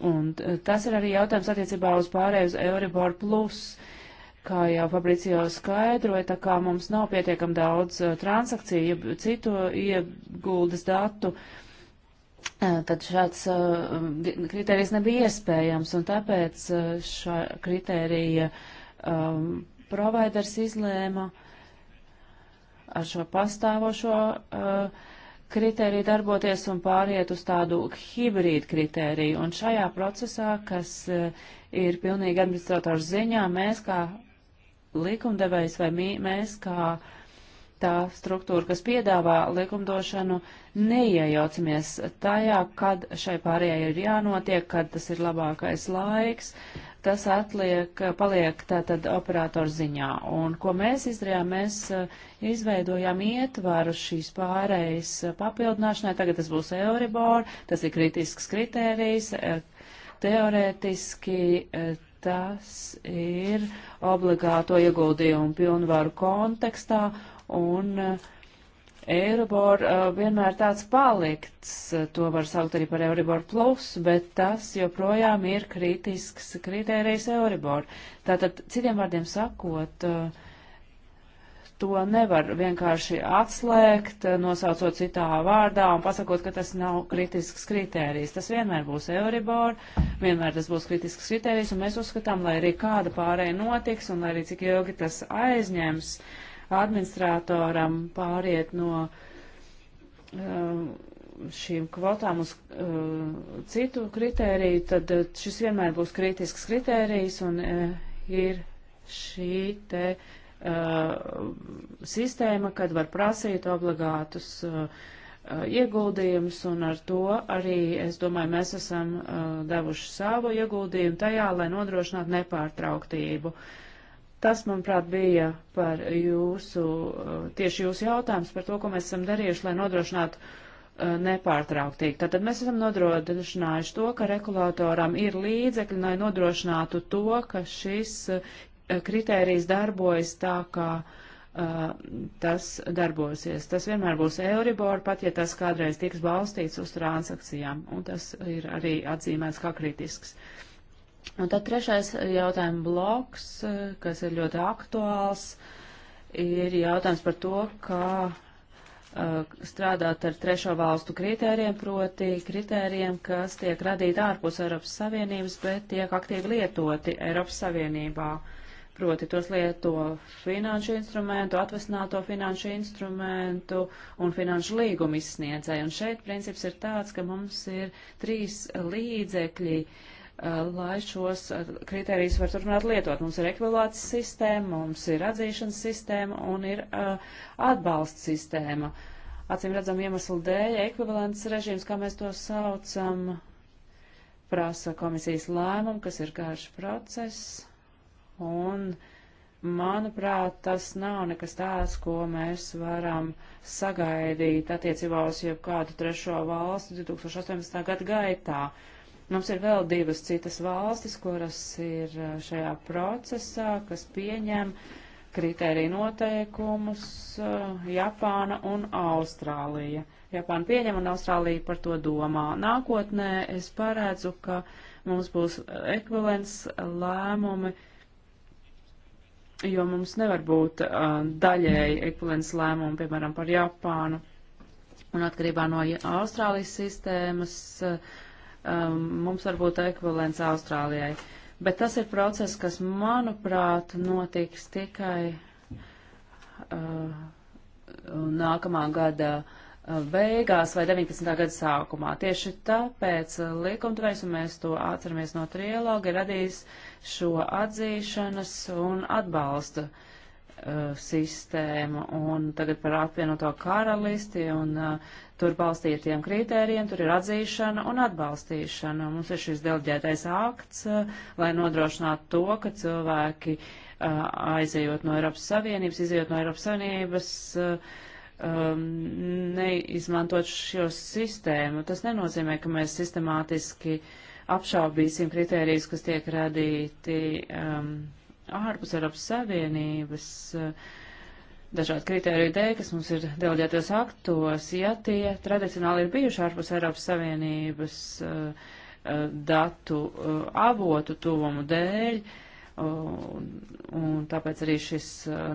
Un eh, tas ir arī jautājums attiecībā uz pārēju uz Euribor plus. Kā jau Fabricio skaidroja, tā kā mums nav pietiekam daudz eh, transakciju, citu ieguldes datu, eh, tad šāds kritērijs nebija iespējams, un tāpēc šā kritērija um, ehm, providers izlēma ar šo pastāvošo uh, kritēriju darboties un pāriet uz tādu hibrīdu kritēriju. Un šajā procesā, kas eh, ir pilnīgi administrators ziņā, mēs kā likumdevējs vai mēs kā tā struktūra, kas piedāvā likumdošanu, neiejaucamies tajā, kad šai pārējai ir jānotiek, kad tas ir labākais laiks, tas atliek, paliek tātad operātoru ziņā. Un ko mēs izdarījām, mēs eh, izveidojām ietvaru šīs pārējas papildināšanai. Tagad tas būs Euribor, tas ir kritisks kritērijs. Eh, teorētiski eh, tas ir obligāto ieguldījumu pilnvaru kontekstā un uh, Euribor uh, vienmēr tāds palikts, uh, to var saukt arī par Euribor plus, bet tas joprojām ir kritisks kritērijs Euribor. Tātad, citiem vārdiem sakot, uh, to nevar vienkārši atslēgt, nosaucot citā vārdā un pasakot, ka tas nav kritisks kritērijs. Tas vienmēr būs Euribor, vienmēr tas būs kritisks kritērijs, un mēs uzskatām, lai arī kāda pārēja notiks un lai arī cik ilgi tas aizņems. Uh, administratoram pāriet no uh, šīm kvotām uz uh, citu kritēriju, tad uh, šis vienmēr būs kritisks kritērijs un ir šī te sistēma, kad var prasīt obligātus ieguldījumus, un ar to arī, es domāju, mēs esam devuši savu ieguldījumu tajā, lai nodrošinātu nepārtrauktību. Uh, Tas, manuprāt, bija par jūsu, uh, tieši jūsu jautājums par to, ko mēs esam darījuši, lai nodrošinātu uh, nepārtrauktīgi. Tātad mēs esam nodrošinājuši to, ka regulātoram ir līdzekļi, lai nodrošinātu to, ka šis uh, kritērijs darbojas tā, kā tas darbosies. Tas vienmēr būs Euribor, pat ja tas kādreiz tiks balstīts uz transakcijām, un tas ir arī atzīmēts kā kritisks. Uh, Un tad trešais jautājuma bloks, kas ir ļoti aktuāls, ir jautājums par to, kā uh, strādāt ar trešo valstu kritērijiem, proti kritērijiem, kas tiek radīti ārpus Eiropas Savienības, bet tiek aktīvi lietoti Eiropas Savienībā. Proti tos lieto finanšu instrumentu, atvesināto finanšu instrumentu un finanšu līgumu izsniedzēju. Un šeit princips ir tāds, ka mums ir trīs līdzekļi uh, Eh, lai šos eh, kriterijus var turpināt lietot. Mums ir ekvilācijas sistēma, mums ir atzīšanas sistēma un ir uh, atbalsts sistēma. Acīm redzam iemeslu dēļ, ekvivalents režīms, kā mēs to saucam, prasa komisijas lēmumu, kas ir garš process, un, manuprāt, tas nav nekas tāds, ko mēs varam sagaidīt attiecībā uz jebkādu trešo valstu 2018. gada gaitā. Uh, Mums ir vēl divas citas valstis, kuras ir eh, šajā procesā, kas pieņem kritēriju noteikumus eh, - Japāna un Austrālija. Japāna pieņem un Austrālija par to domā. Nākotnē es paredzu, ka mums būs ekvivalents lēmumi jo mums nevar būt uh, daļēji ekvivalents lēmumu, piemēram, par Japānu. Un atkarībā no Austrālijas sistēmas uh, um, mums var būt ekvivalents Austrālijai. Bet tas ir process, kas, manuprāt, notiks tikai uh, nākamā gada uh, beigās vai 19. gada sākumā. Tieši tāpēc uh, likumdevējs, un mēs to atceramies no trialoga, ir radījis šo atzīšanas un atbalsta uh, sistēmu. Un tagad par apvienoto karalisti un uh, tur balstītiem kritērijiem, tur ir atzīšana un atbalstīšana. Mums ir šis deleģētais akts, eh, lai nodrošinātu to, ka cilvēki eh, aizejot no Eiropas Savienības, izejot no Eiropas Savienības, eh, um, neizmantot šo sistēmu. Tas nenozīmē, ka mēs sistemātiski apšaubīsim kritērijus, kas tiek radīti um, ārpus Eiropas Savienības. Uh, dažādu kritēriju dēļ, kas mums ir delģētos aktos, ja tie tradicionāli ir bijuši ārpus Eiropas Savienības uh, datu uh, avotu tuvumu dēļ, un, un tāpēc arī šis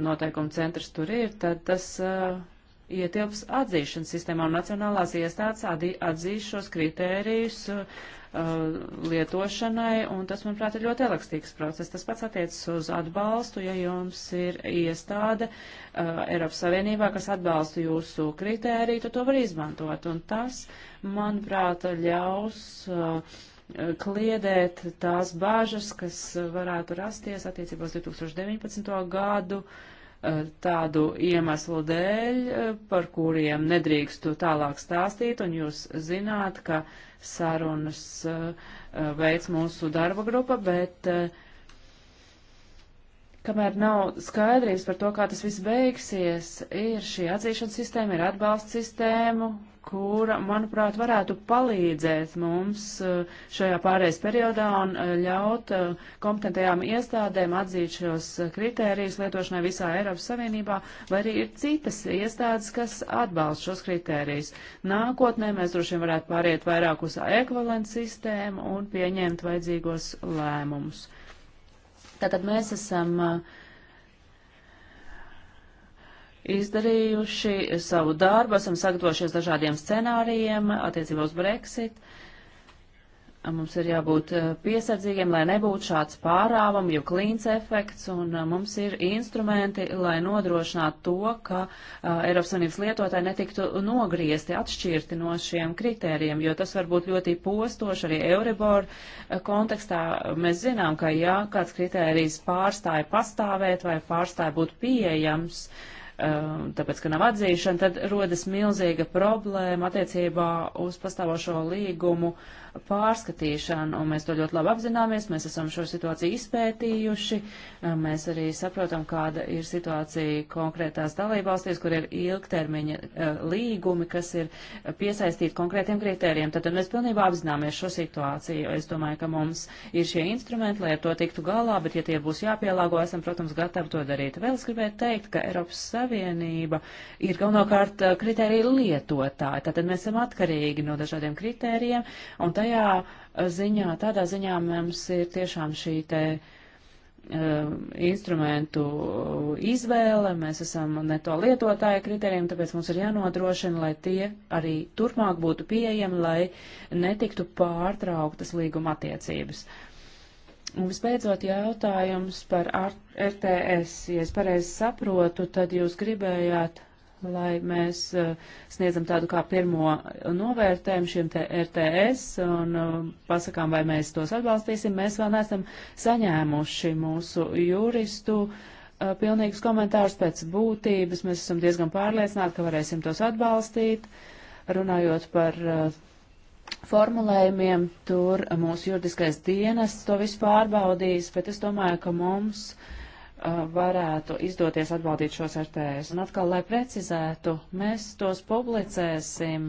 noteikuma centrs tur ir, tad tas uh, ietilps atzīšanas sistēmā un nacionālās iestādes atzīs šos kritērijus uh, Uh, lietošanai, un tas, manuprāt, ir ļoti elastīgs process. Tas pats attiecas uz atbalstu, ja jums ir iestāde uh, Eiropas Savienībā, kas atbalsta jūsu kritēriju, tad to var izmantot. Un tas, manuprāt, ļaus uh, kliedēt tās bāžas, kas varētu rasties attiecībās 2019. gadu. Uh, Eh, tādu iemeslu dēļ, eh, par kuriem nedrīkstu tālāk stāstīt, un jūs zināt, ka sarunas eh, veids mūsu darba grupa, bet uh, Kamēr nav skaidrības par to, kā tas viss beigsies, ir šī atzīšanas sistēma, ir atbalsta sistēma, kura, manuprāt, varētu palīdzēt mums uh, šajā pārējais periodā un uh, ļaut uh, kompetentajām iestādēm atzīt šos kritērijus lietošanai visā Eiropas Savienībā, vai arī ir citas iestādes, kas atbalsta šos kritērijus. Nākotnē mēs droši vien varētu pāriet vairāk uz ekvivalents sistēmu un pieņemt vajadzīgos lēmumus. Tātad mēs esam izdarījuši savu darbu, esam sagatavojušies dažādiem scenārijiem attiecībā uz Brexit. Uh, Mums ir jābūt eh, piesardzīgiem, lai nebūtu šāds pārāvums, jau klīns efekts, un eh, mums ir instrumenti, lai nodrošinātu to, ka eh, Eiropas Savienības lietotāji netiktu nogriezti, atšķirti no šiem kritērijiem, jo tas var būt ļoti postoši arī Euribor kontekstā. Mēs zinām, ka ja kāds kritērijs pārstāja pastāvēt vai pārstāja būt pieejams, tāpēc, ka nav atzīšana, tad rodas milzīga problēma attiecībā uz pastāvošo līgumu uh, pārskatīšanu, un mēs to ļoti labi apzināmies, mēs esam šo situāciju izpētījuši, mēs arī saprotam, kāda ir situācija konkrētās dalībvalstīs, kur ir ilgtermiņa līgumi, kas ir piesaistīti konkrētiem kritērijiem. Tad mēs pilnībā apzināmies šo situāciju. Es domāju, ka mums ir šie instrumenti, lai ar to tiktu galā, bet ja tie būs jāpielāgo, esam, protams, gatavi to darīt. Vēl es gribētu teikt, ka Eiropas Savienība ir galvenokārt kritērija lietotāja, tātad mēs esam atkarīgi no dažādiem kritērijiem, un tā šajā ziņā, tādā ziņā mums ir tiešām šī te uh, instrumentu izvēle, mēs esam ne to lietotāju kriterijiem, tāpēc mums ir jānodrošina, lai tie arī turpmāk būtu pieejami, lai netiktu pārtrauktas līguma attiecības. Un visbeidzot jautājums par RTS. Ja es pareizi saprotu, tad jūs gribējāt lai mēs eh, sniedzam tādu kā pirmo novērtējumu šiem RTS un eh, pasakām, vai mēs tos atbalstīsim. Mēs vēl neesam saņēmuši mūsu juristu eh, pilnīgus komentārus pēc būtības. Mēs esam diezgan pārliecināti, ka varēsim tos atbalstīt. Runājot par formulējumiem, tur mūsu juridiskais dienests to visu pārbaudīs, bet es domāju, ka mums. Uh, varētu izdoties atbaldīt šos RTS. Un atkal, lai precizētu, mēs tos publicēsim,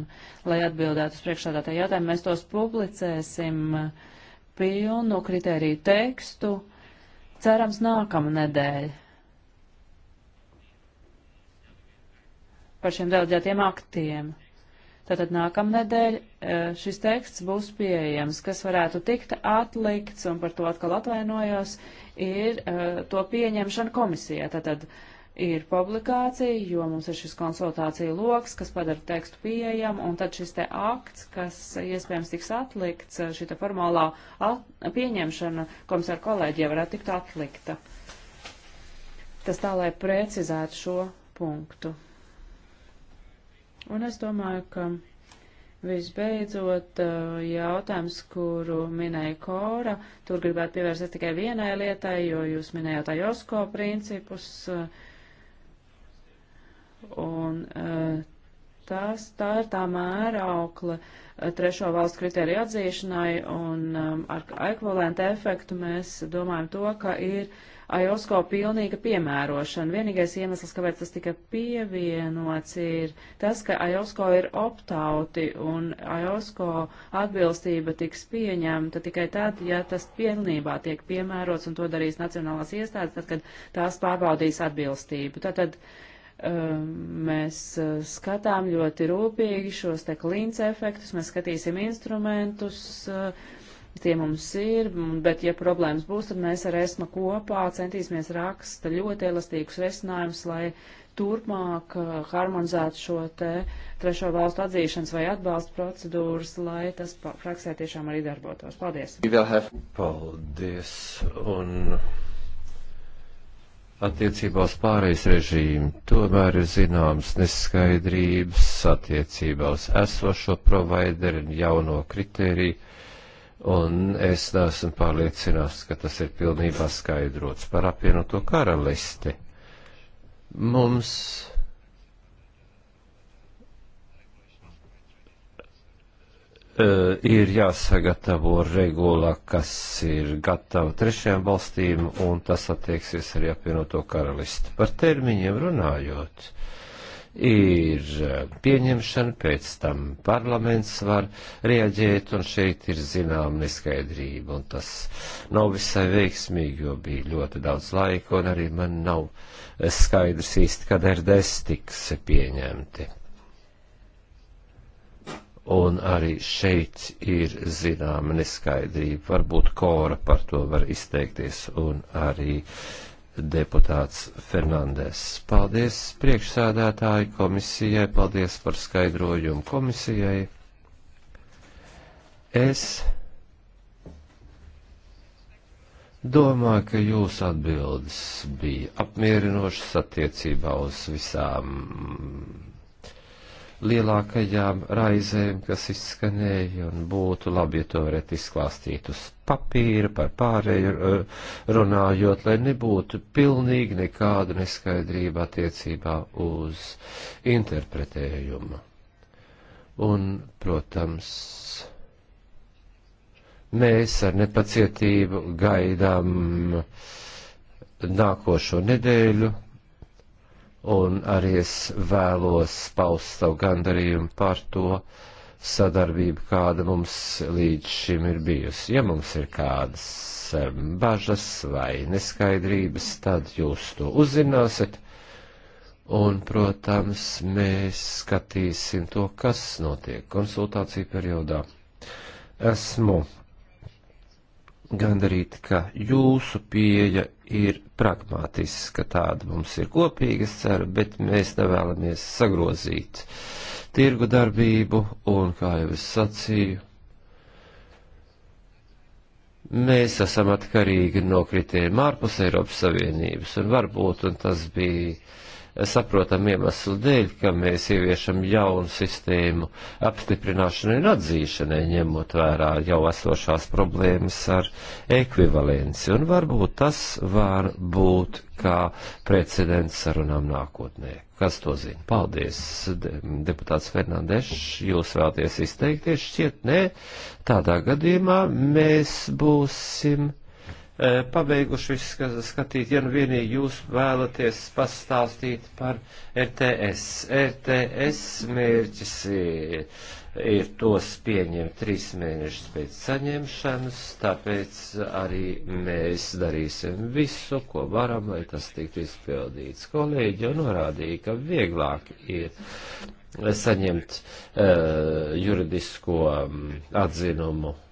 lai atbildētu uz priekšādātā jautājumu, mēs tos publicēsim pilnu kritēriju tekstu, cerams, nākamā nedēļa. Par šiem delģētiem aktiem. Tātad nākamnedēļ e, šis teksts būs pieejams, kas varētu tikt atlikts, un par to atkal atvainojos, ir uh, to pieņemšana komisijā. Tātad ir publikācija, jo mums ir šis konsultācija loks, kas padara tekstu pieejamu, un tad šis te akts, kas iespējams tiks atlikts, eh, šita formālā at pieņemšana komisāra kolēģija varētu tikt atlikta. Tas tā, lai precizētu šo punktu. Un es domāju, ka Visbeidzot, eh, jautājums, kuru minēja Kora, tur gribētu pievērsties tikai vienai lietai, jo jūs minējāt AJOSKO principus. Eh, un eh, tas, tā ir tā mēraukla eh, trešo valstu kritēriju atzīšanai, un um, ar ekvivalentu efektu mēs domājam to, ka ir AIOSCO pilnīga piemērošana. Vienīgais iemesls, kāpēc tas tika pievienots, ir tas, ka AIOSCO ir optauti, un AIOSCO atbilstība tiks pieņemta tikai tad, ja tas pilnībā tiek piemērots, un to darīs nacionālās iestādes, tad, kad tās pārbaudīs atbilstību. Tātad, uh, Ehm, mēs eh, skatām ļoti rūpīgi šos te klīns efektus, mēs skatīsim instrumentus, eh, tie mums ir, bet ja problēmas būs, tad mēs ar ESMA kopā centīsimies raksta ļoti elastīgus resinājumus, lai turpmāk eh, harmonizētu šo te trešo valstu atzīšanas vai atbalstu procedūras, lai tas praksē tiešām arī darbotos. Paldies! Paldies! Un attiecībā uz pārejas režīmu tomēr ir zināmas neskaidrības attiecībā uz esošo provideru un jauno kritēriju, un es neesmu pārliecināts, ka tas ir pilnībā skaidrots par apvienoto karalisti. Mums Eh, ir jāsagatavo regula, kas ir gatava trešajām valstīm, un tas attieksies arī apvienoto karalisti. Par termiņiem runājot, ir eh, pieņemšana, pēc tam parlaments var rieģēt, un šeit ir zinām neskaidrība, un tas nav visai veiksmīgi, jo bija ļoti daudz laika, un arī man nav eh, skaidrs īsti, kad RDS tiks pieņemti. Un arī šeit ir zināma neskaidrība. Varbūt Kora par to var izteikties un arī deputāts Fernandes. Paldies priekšsēdētāji komisijai, paldies par skaidrojumu komisijai. Es Domāju, ka jūsu atbildes bija apmierinošas attiecībā uz visām lielākajām raizēm, kas izskanēja, un būtu labi, ja to varētu izklāstīt uz papīra, par pārēju eh, runājot, lai nebūtu pilnīgi nekāda neskaidrība attiecībā uz interpretējumu. Un, protams, mēs ar nepacietību gaidām nākošo nedēļu, un arī es vēlos paust savu gandarījumu par to sadarbību, kāda mums līdz šim ir bijusi. Ja mums ir kādas bažas vai neskaidrības, tad jūs to uzzināsiet. Un, protams, mēs skatīsim to, kas notiek konsultāciju periodā. Esmu gandarīti, ka jūsu pieeja ir pragmātiska, tāda mums ir kopīgas ceru, bet mēs nevēlamies sagrozīt tirgu darbību un, kā jau es sacīju, mēs esam atkarīgi no kritēriem ārpus Eiropas Savienības un varbūt, un tas bija saprotam iemeslu dēļ, ka mēs ieviešam jaunu sistēmu apstiprināšanai un atzīšanai, ņemot vērā jau esošās problēmas ar ekvivalenci. Un varbūt tas var būt kā precedents sarunām nākotnē. Kas to zina? Paldies, deputāts Fernandešs, jūs vēlties izteikties, šķiet, nē, tādā gadījumā mēs būsim Eh, pabeiguši visu skatīt, ja nu vienīgi jūs vēlaties pastāstīt par RTS. E RTS e mērķis ir, ir tos pieņemt trīs mēnešus pēc saņemšanas, tāpēc arī mēs darīsim visu, ko varam, lai tas tiktu izpildīts. Kolēģi jau norādīja, ka vieglāk ir saņemt uh, juridisko um, atzinumu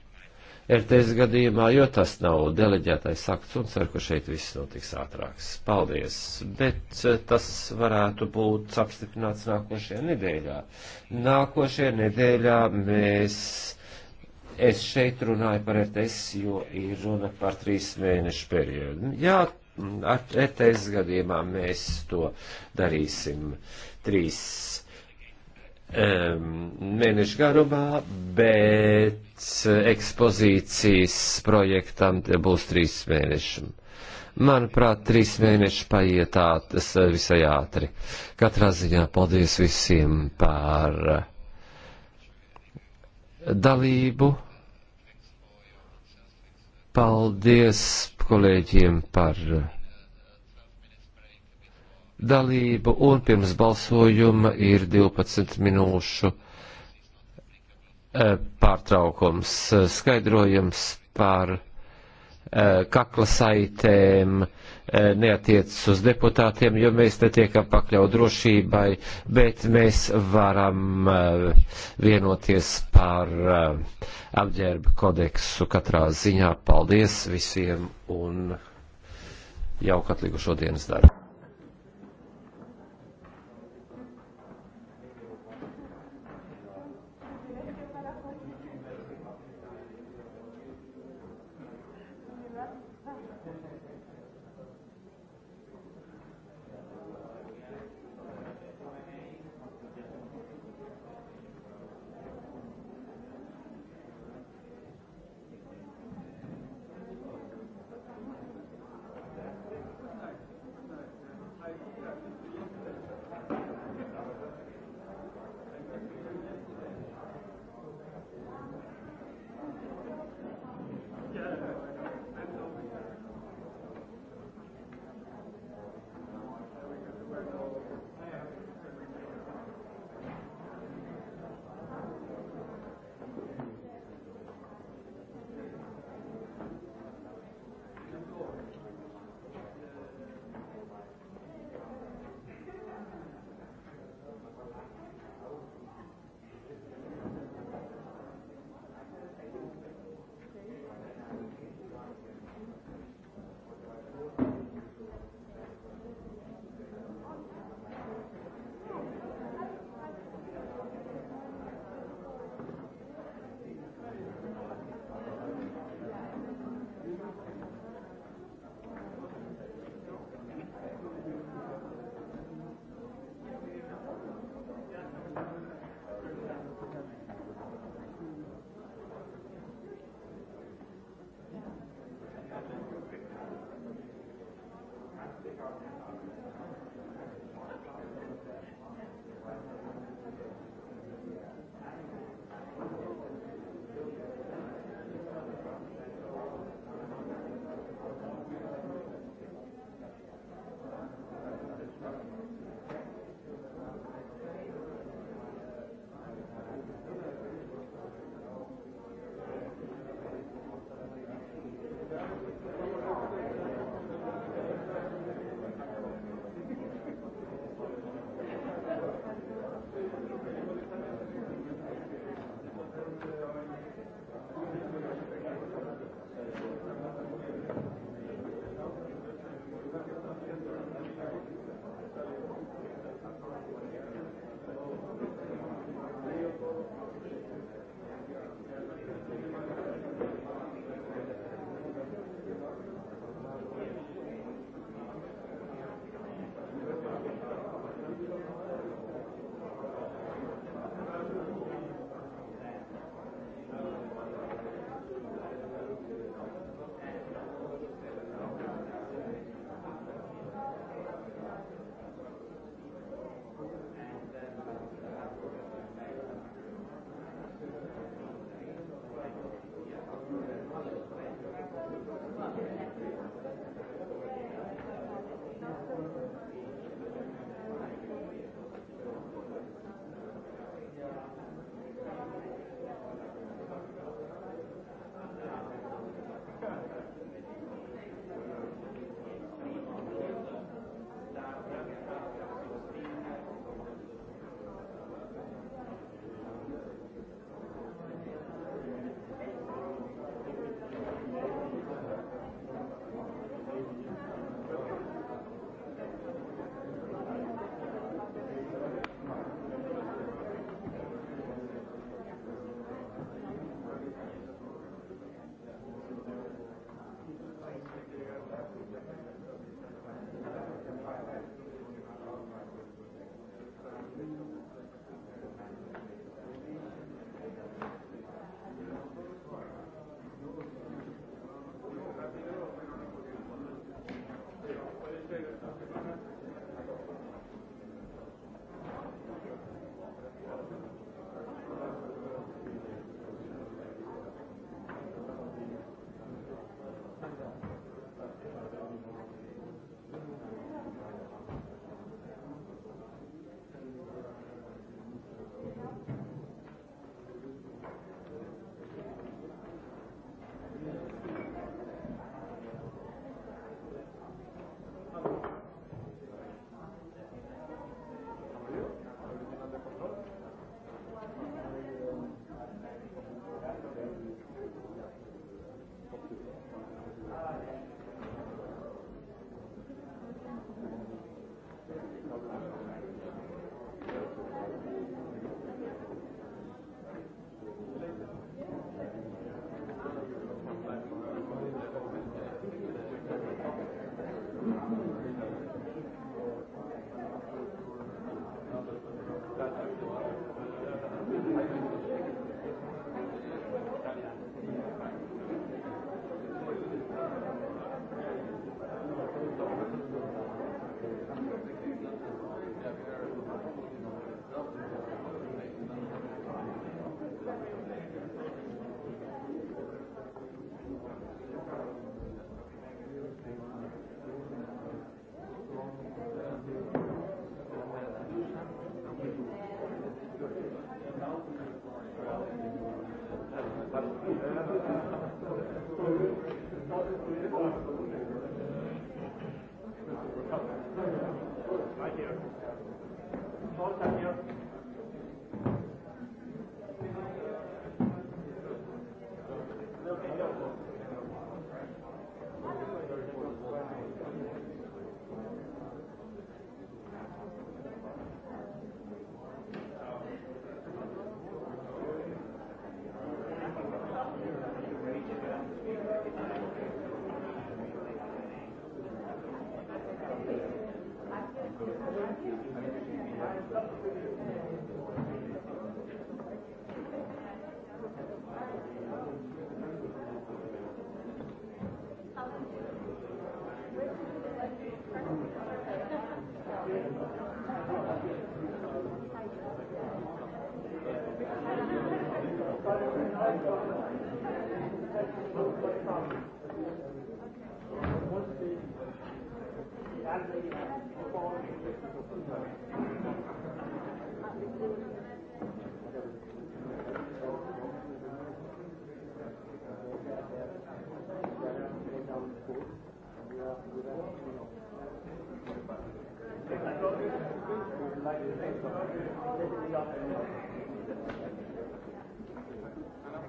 RTS gadījumā, jo tas nav deleģētais akts un ceru, ka šeit viss notiks ātrāks. Paldies! Bet eh, tas varētu būt apstiprināts nākošajā nedēļā. Nākošajā nedēļā mēs. Es šeit runāju par RTS, jo ir runa par trīs mēnešu periodu. Jā, ar RTS gadījumā mēs to darīsim trīs mēnešu garumā, bet ekspozīcijas projektam būs trīs mēneši. Manuprāt, trīs mēneši paiet tas eh, visai ātri. Katrā ziņā paldies visiem par dalību. Paldies kolēģiem par dalību, un pirms balsojuma ir 12 minūšu eh, pārtraukums, eh, skaidrojums par eh, kakla saitēm, neatiecas uz deputātiem, jo mēs netiekam pakļaut drošībai, bet mēs varam vienoties par apģērba kodeksu katrā ziņā. Paldies visiem un jaukat likušo dienas darbu!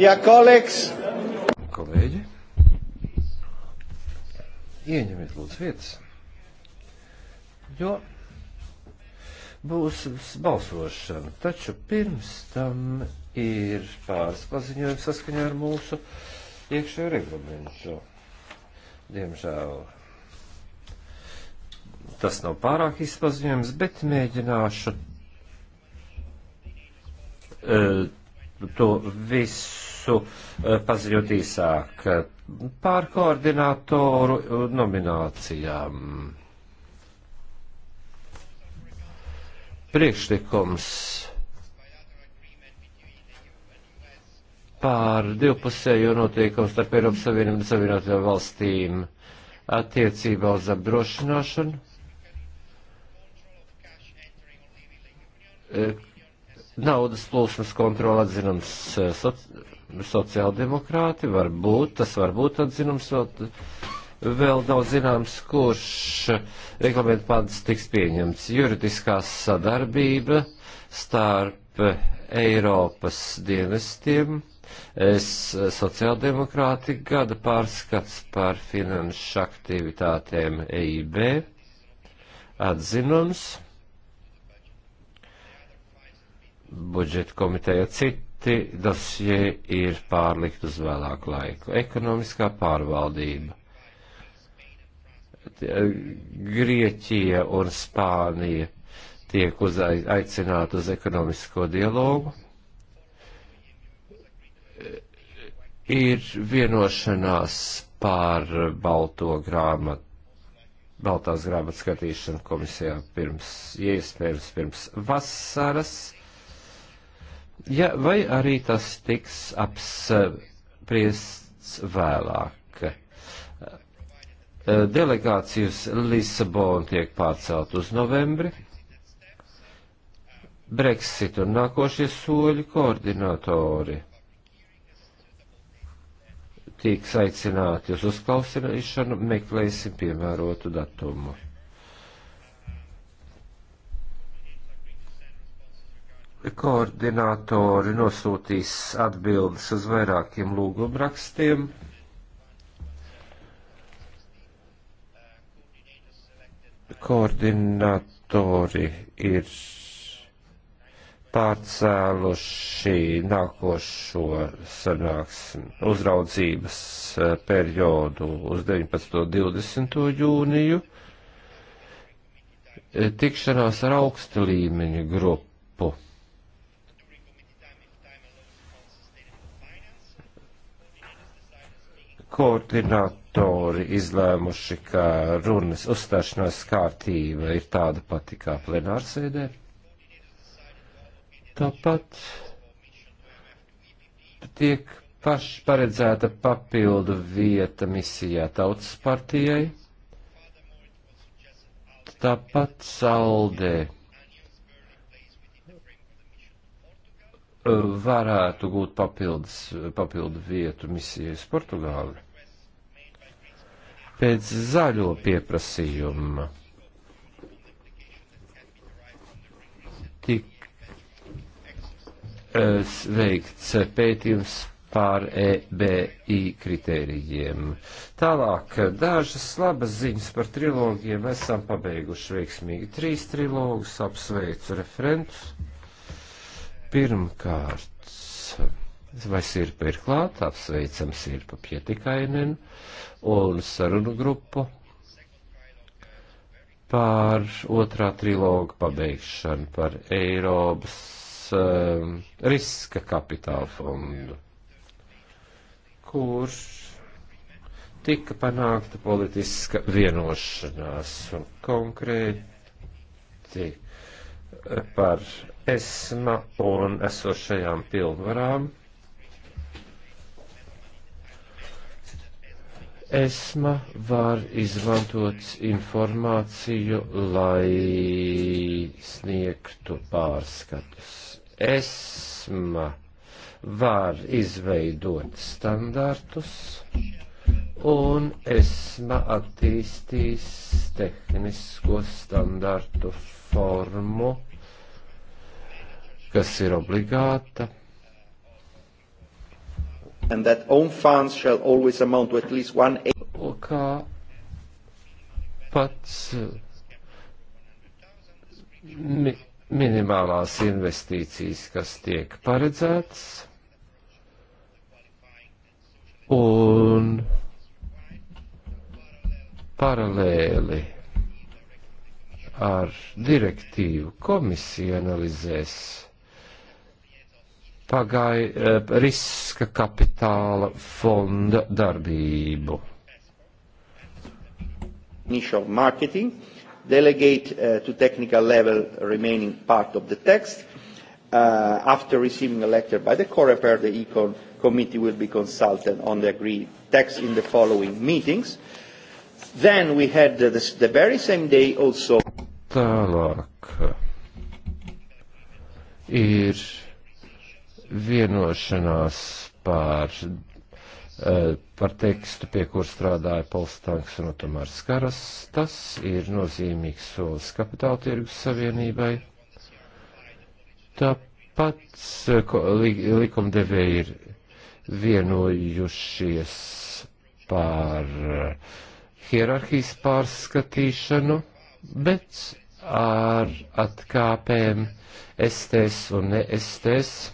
Ja kolēģis. Kolēģi, ieņemiet lūdzu vietas, jo būs balsošana, taču pirms tam ir pāris paziņojumi saskaņā ar mūsu iekšējo reglamentu. Diemžēl tas nav pārāk izpaziņojums, bet mēģināšu eh, to visu visu eh, paziņot īsāk eh, par koordinātoru eh, nominācijām. Priekšlikums pār divpusējo notiekumu starp Eiropas Savienību un Savienotajām valstīm attiecībā uz apdrošināšanu, naudas plūsmas kontrola atzinums soci sociāldemokrāti, varbūt tas var būt atzinums vēl, vēl nav zināms, kurš reglamentu pants tiks pieņemts. Juridiskā sadarbība starp Eiropas dienestiem. Es sociāldemokrāti gada pārskats par finanšu aktivitātēm EIB atzinums budžeta komiteja cita citi dosie ir pārlikt uz vēlāku laiku. Ekonomiskā pārvaldība. Eh, Grieķija un Spānija tiek aicināti uz ekonomisko dialogu. Ir vienošanās par balto grāmatu, baltās grāmatas skatīšanu komisijā pirms, iespējams, pirms vasaras ja, vai arī tas tiks apspriests vēlāk. Eh, delegācijas Lisabona tiek pārcelt uz novembri. Brexit un nākošie soļi koordinatori tiks aicināti uz uzklausīšanu, meklēsim piemērotu datumu. Koordinātori nosūtīs atbildes uz vairākiem lūgumrakstiem. Koordinātori ir pārcēluši nākošo sanāksmi uzraudzības eh, periodu uz 19. un 20. jūniju. Eh, tikšanās ar augsta līmeņa grupu koordinatori izlēmuši, ka runas uzstāšanās kārtība ir tāda pati kā plenārsēdē. Tāpat tiek paš paredzēta papildu vieta misijā tautas partijai. Tāpat saldē varētu būt papildus, papildu vietu misijas Portugāli pēc zaļo pieprasījuma. Tik eh, veikts pētījums pār EBI kritērijiem. Tālāk, dažas labas ziņas par trilogiem. Esam pabeiguši veiksmīgi trīs trilogus, apsveicu referentus. Pirmkārt, vai sirpa ir klāt, apsveicam sirpa pietikainen un sarunu grupu par otrā trilogu pabeigšanu, par Eiropas um, riska kapitāla fondu, kurš tika panākta politiska vienošanās un konkrēti par esma un esošajām pilnvarām ESMA var izmantot informāciju, lai sniegtu pārskatus. ESMA var izveidot standartus un ESMA attīstīs tehnisko standartu formu, kas ir obligāta and that own funds shall always amount to at least one kā uh, pats uh, mi minimālās investīcijas, kas tiek paredzētas, un paralēli ar direktīvu komisija analizēs pagāja eh, riska kapitāla fonda darbību. Initial marketing, delegate uh, to technical level remaining part of the text. Uh, after receiving a letter by the COREPER, the ECON committee will be consulted on the agreed text in the following meetings. Then we had the, the, the very same day also. Tālāk ir vienošanās pār, eh, par tekstu, pie kur strādāja Pols Tanks un Otomārs Karas. Tas ir nozīmīgs solis kapitāla tirgus savienībai. Tāpat eh, likumdevēji ir vienojušies par eh, hierarhijas pārskatīšanu, bet ar atkāpēm estes un ne estes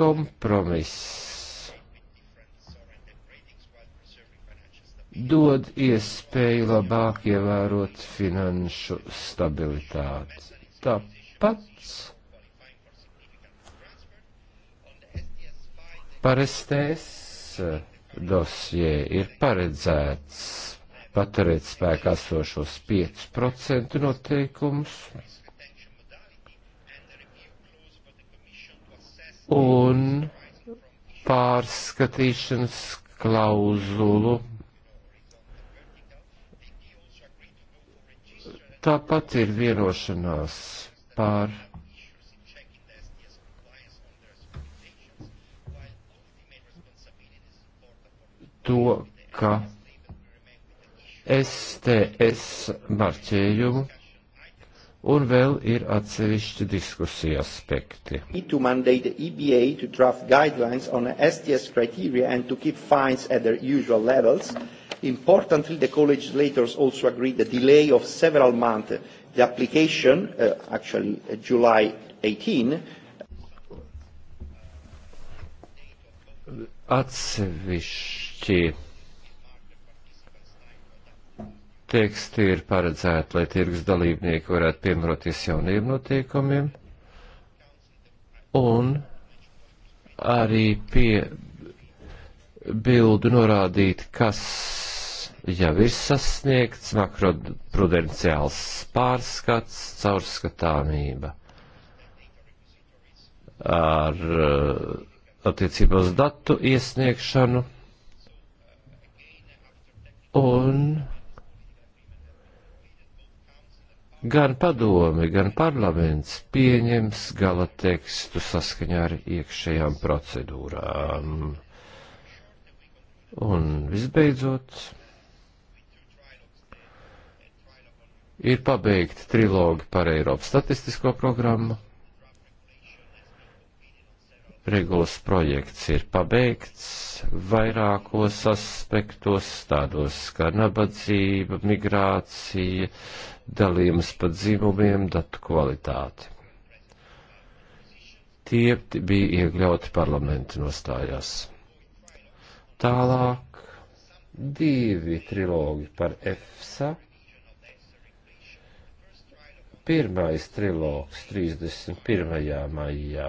kompromiss dod iespēju labāk ievērot finanšu stabilitāti. Tāpat parastēs eh, dosjē ir paredzēts paturēt spēkā esošos 5% noteikumus un pārskatīšanas klauzulu. Tāpat ir vienošanās pār to, ka STS marķējumu un vēl ir atsevišķi diskusija aspekti. E Importantly, the co-legislators also agreed the delay of several months the application, uh, actually uh, July 18. Atsevišķi teksti ir paredzēti, lai tirgus dalībnieki varētu piemēroties jauniem noteikumiem, un arī pie bildu norādīt, kas jau ir sasniegts, makroprudenciāls pārskats, caurskatāmība ar uh, attiecībā uz datu iesniegšanu un gan padome, gan parlaments pieņems gala tekstu saskaņā ar iekšējām procedūrām. Un visbeidzot, ir pabeigti trilogi par Eiropas statistisko programmu. Regulas projekts ir pabeigts vairākos aspektos, tādos kā nabadzība, migrācija, dalījumus pa dzimumiem, datu kvalitāti. Tie bija iekļauti parlamenta nostājās. Tālāk divi trilogi par EFSA pirmais trilogs 31. maijā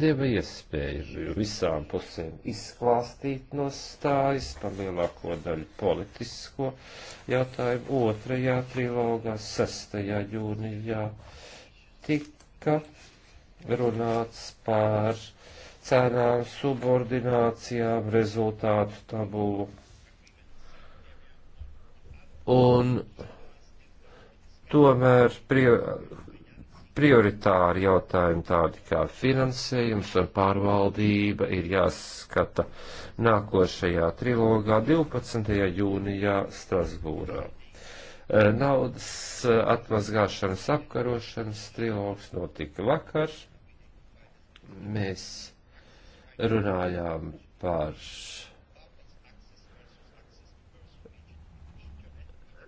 deva iespēju visām pusēm izklāstīt nostājas par lielāko daļu politisko jautājumu. Otrajā trilogā 6. jūnijā tika runāts par cenām, subordinācijām, rezultātu tabulu. Un Tomēr prioritāri jautājumi tādi kā finansējums un pārvaldība ir jāskata nākošajā trilogā 12. jūnijā Strasbūrā. E, naudas atmazgāšanas apkarošanas trilogs notika vakar. Mēs runājām par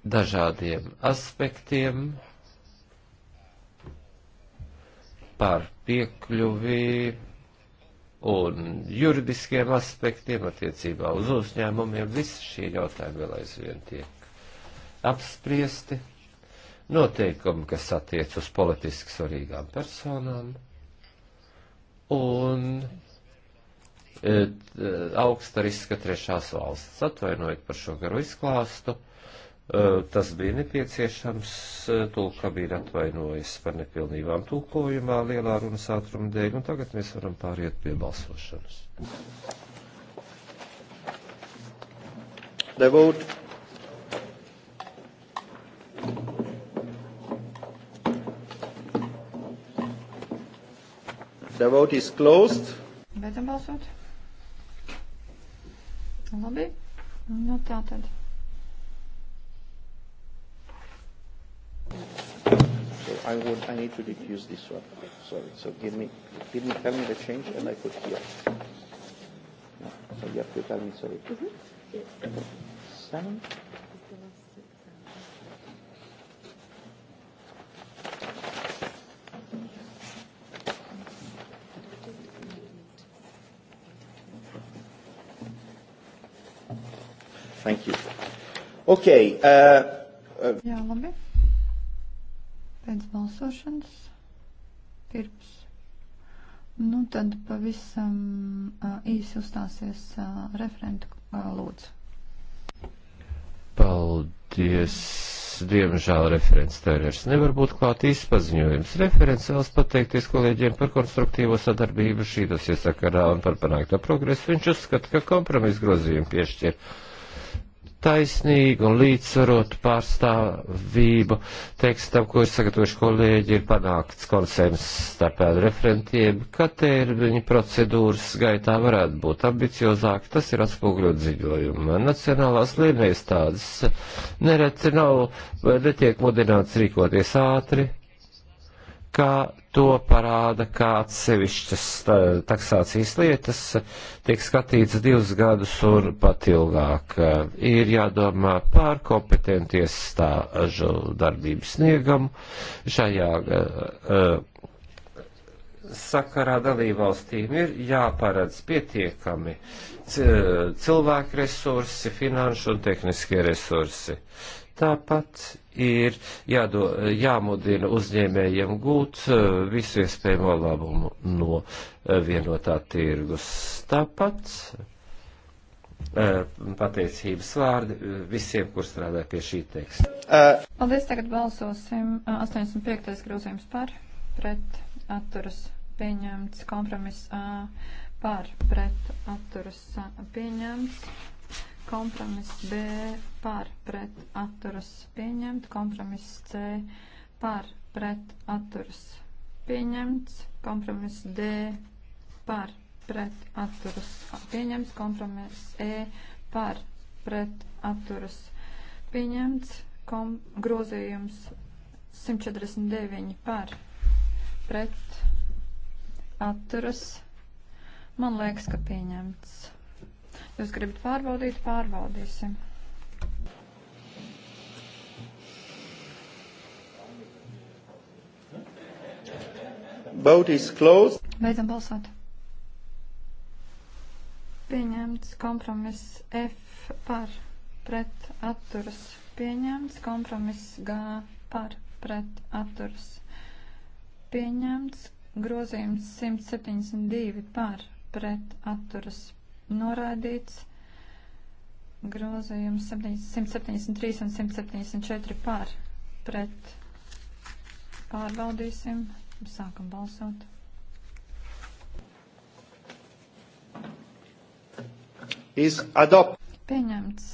dažādiem aspektiem par piekļuvi un juridiskiem aspektiem attiecībā uz uzņēmumiem. Visi šie jautājumi vēl aizvien tiek apspriesti. Noteikumi, kas attiec uz politiski svarīgām personām. Un eh, augsta riska trešās valsts. Atvainojiet par šo garu izklāstu tas bija nepieciešams, tulkam ir atvainojis par nepilnībām tulkojumā lielā runas ātruma dēļ, un tagad mēs varam pāriet pie balsošanas. The vote. The vote is closed. Beidzam balsot. Labi. Nu tā tad. I would, I need to diffuse this one. Sorry. So give me, give me, tell me the change, and I put here. No, so you have to tell me. Sorry. Mm-hmm. Yes. Seven. Thank you. Okay. Uh, uh, Jā, pēc balsošanas pirms. Nu, tad pavisam īsi uzstāsies referentu lūdzu. Paldies! Diemžēl referents Tērners nevar būt klāt izpaziņojums. Referents vēlas pateikties kolēģiem par konstruktīvo sadarbību šīdos iesakarā un par panākto progresu. Viņš uzskata, ka kompromis grozījumi piešķir taisnīgu un līdzsvarotu pārstāvību tekstam, ko ir sagatavojuši kolēģi, ir panākts konsens starp referentiem, ka termiņa procedūras gaitā varētu būt ambiciozāk, tas ir atspūgļot ziņojumā. Nacionālās līnijas tādas nereti nav, netiek mudināts rīkoties ātri, kā to parāda, kā atsevišķas taksācijas lietas tiek skatītas divus gadus un pat ilgāk. Ir jādomā par kompetenties stāžu darbības sniegumu. Šajā uh, sakarā dalībvalstīm ir jāparedz pietiekami cilvēku resursi, finanšu un tehniskie resursi. Tāpat ir jādo, jāmudina uzņēmējiem gūt eh, visu iespējamo labumu no eh, vienotā tirgus. Tāpat eh, pateicības vārdi visiem, kur strādā pie šī teksta. Paldies, tagad balsosim 85. grozījums par, pret, atturas, pieņemts, kompromiss par, pret, atturas, pieņemts. Kompromiss B par pret atturas pieņemt. Kompromiss C par pret atturas pieņemts. Kompromiss D par pret atturas pieņemts. Kompromiss E par pret atturas pieņemts. Kom grozījums 149 par pret atturas. Man liekas, ka pieņemts. Jūs gribat pārbaudīt, pārbaudīsim. Vote is closed. Beidzam balsot. Pieņemts kompromiss F par pret atturas. Pieņemts kompromiss G par pret atturas. Pieņemts grozījums 172 par pret atturas noraidīts. Grozījums 173 un 174 par pret. Pārbaudīsim. Sākam balsot. Is adopt. Pieņemts.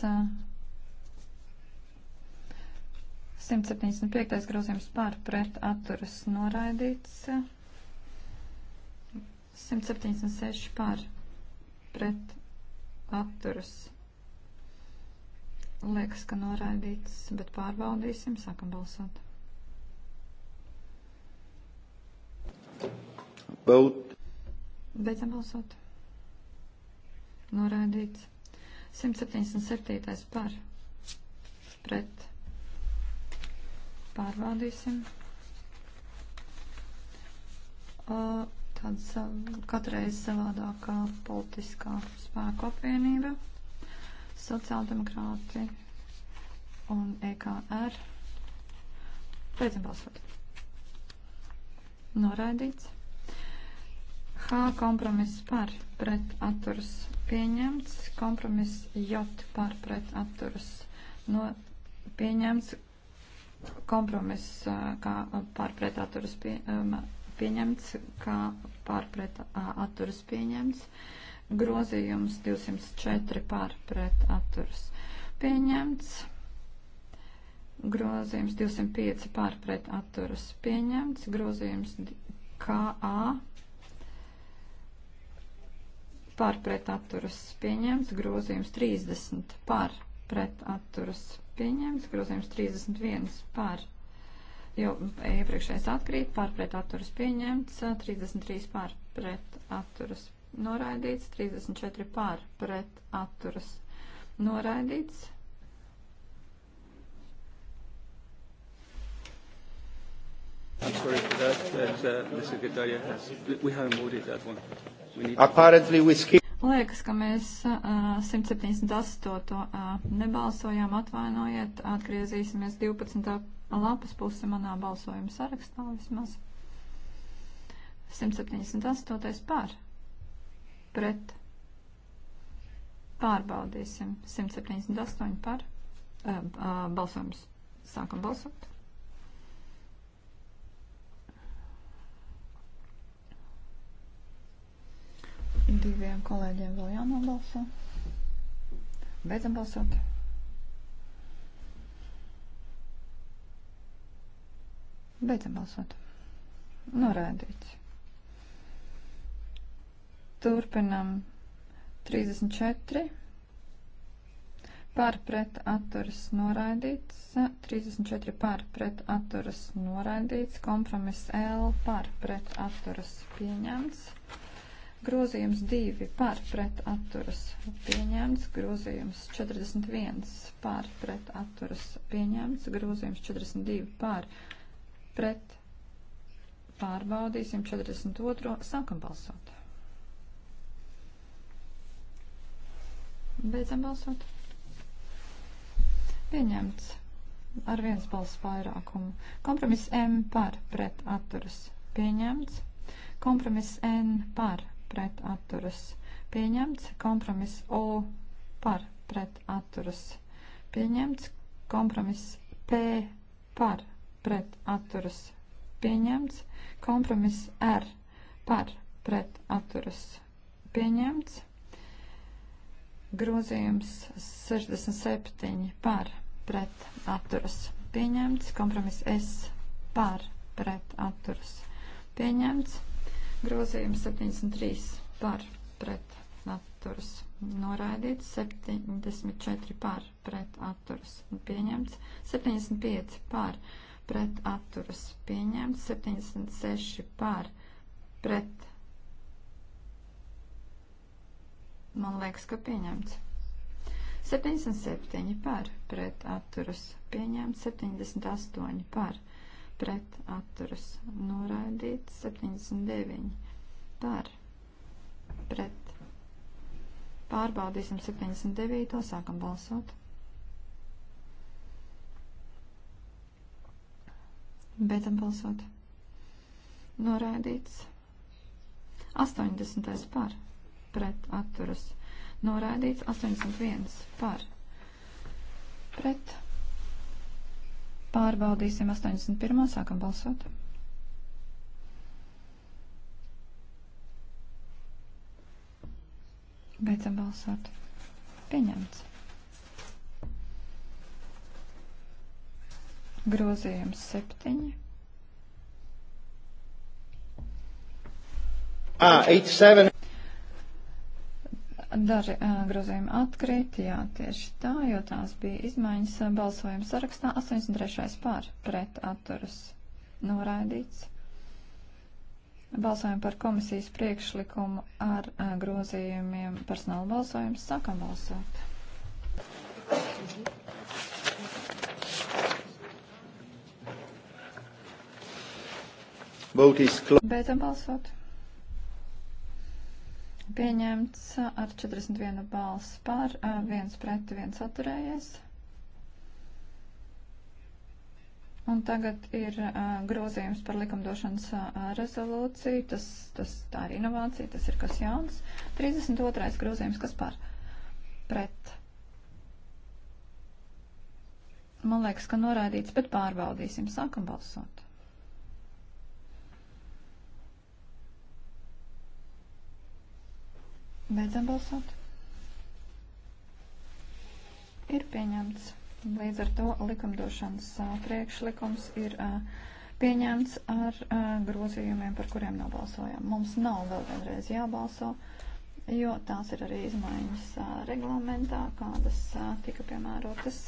175. grozījums pār pret atturas noraidīts. 176 pār pret atturas. Liekas, ka noraidīts, bet pārbaudīsim, sākam balsot. Vote. Beidzam balsot. Noraidīts. 177. par. Pret. Pārbaudīsim. Uh, tāds um, katreiz savādākā politiskā spēku apvienība, sociāldemokrāti un EKR. Beidzam balsot. Noraidīts. H kompromiss par pret atturas pieņemts. Kompromiss J par pret atturas no pieņemts. Kompromiss uh, kā par pret atturas pieņemts um, pieņemts, kā pārpret atturas pieņemts. Grozījums 204 pārpret atturas pieņemts. Grozījums 205 pārpret atturas pieņemts. Grozījums KA pārpret atturas pieņemts. Grozījums 30 pārpret atturas pieņemts. Grozījums 31 pārpret jo iepriekšējais atkrīt, pārpret atturas pieņemts, 33 pārpret atturas noraidīts, 34 pārpret atturas noraidīts. I'm sorry for that, but uh, Mr. Gedalia has, we haven't voted that one. We need Apparently we skip. Liekas, ka mēs uh, 178. Uh, nebalsojām, atvainojiet, atgriezīsimies 12 lapas puse manā balsojuma sarakstā vismaz. 178. pār. Pret. Pārbaudīsim. 178 par. Uh, uh, balsojums. Sākam balsot. Diviem kolēģiem vēl jānobalso. Beidzam balsot. Beidzam balsot. Norādīts. Turpinam 34. Par pret atturas noraidīts. 34 par pret atturas noraidīts. Kompromiss L par pret atturas pieņemts. Grozījums 2 par pret atturas pieņemts, grozījums 41 par pret atturas pieņemts, grozījums 42 par pret pārbaudīsim 42. Sākam balsot. Beidzam balsot. Pieņemts ar viens balss vairākumu. Kompromiss M par pret atturas pieņemts. Kompromiss N par pret atturas pieņemts. Kompromiss O par pret atturas pieņemts. Kompromiss P par pret atturas pieņemts. Kompromiss R par pret atturas pieņemts. Grozījums 67 par pret atturas pieņemts. Kompromiss S par pret atturas pieņemts. Grozījums 73 par pret atturas pieņemts noraidīts, 74 pār pret atturas pieņemts, 75 pār pret atturas pieņemts, 76 par pret. Man liekas, ka pieņemts. 77 par pret atturas pieņemts, 78 par pret atturas noraidīts, 79 par pret. Pārbaudīsim 79, sākam balsot. Beidzam balsot. Noraidīts. 80. par. Pret atturas. Noraidīts. 81. par. Pret. Pārbaudīsim 81. Sākam balsot. Beidzam balsot. Pieņemts. Grozījums 7. Ah, 87. Daži uh, grozījumi atkrīt, jā, tieši tā, jo tās bija izmaiņas eh, balsojuma sarakstā 83. pār pret atturas noraidīts. Balsojam par komisijas priekšlikumu ar uh, grozījumiem personāla balsojums. Sākam balsot. Mhm. Beidzam balsot. Pieņemts uh, ar 41 balsu par, uh, viens pret, viens atturējies. Un tagad ir uh, grozījums par likumdošanas uh, rezolūciju. Tas, tas tā ir inovācija, tas ir kas jauns. 32. grozījums, kas par pret. Man liekas, ka noraidīts, bet pārbaudīsim. Sākam balsot. Beidzam balsot. Ir pieņemts. Līdz ar to likumdošanas priekšlikums ir pieņemts ar grozījumiem, par kuriem nobalsojam. Mums nav vēl vienreiz jābalso, jo tās ir arī izmaiņas reglamentā, kādas tika piemērotas.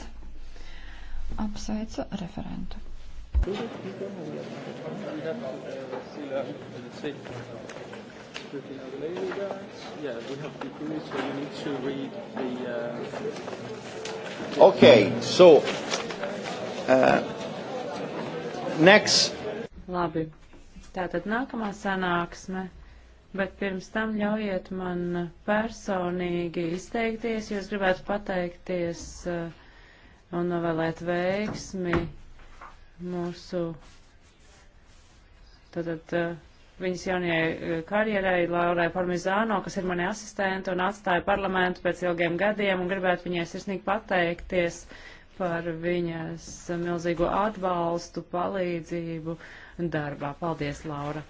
Apsveicu referentu. Thank you everything available, guys? Yeah, we have to do it, so you need to read the... Uh... Okay, so... Uh, next. Labi. Tātad nākamā sanāksme, bet pirms tam ļaujiet man personīgi izteikties, jo es gribētu pateikties uh, un novēlēt veiksmi mūsu tātad uh, viņas jaunajai eh, karjerai, Laurai Parmizāno, kas ir mani asistente un atstāja parlamentu pēc ilgiem gadiem, un gribētu viņai sirsnīgi pateikties par viņas milzīgo atbalstu, palīdzību darbā. Paldies, Laura!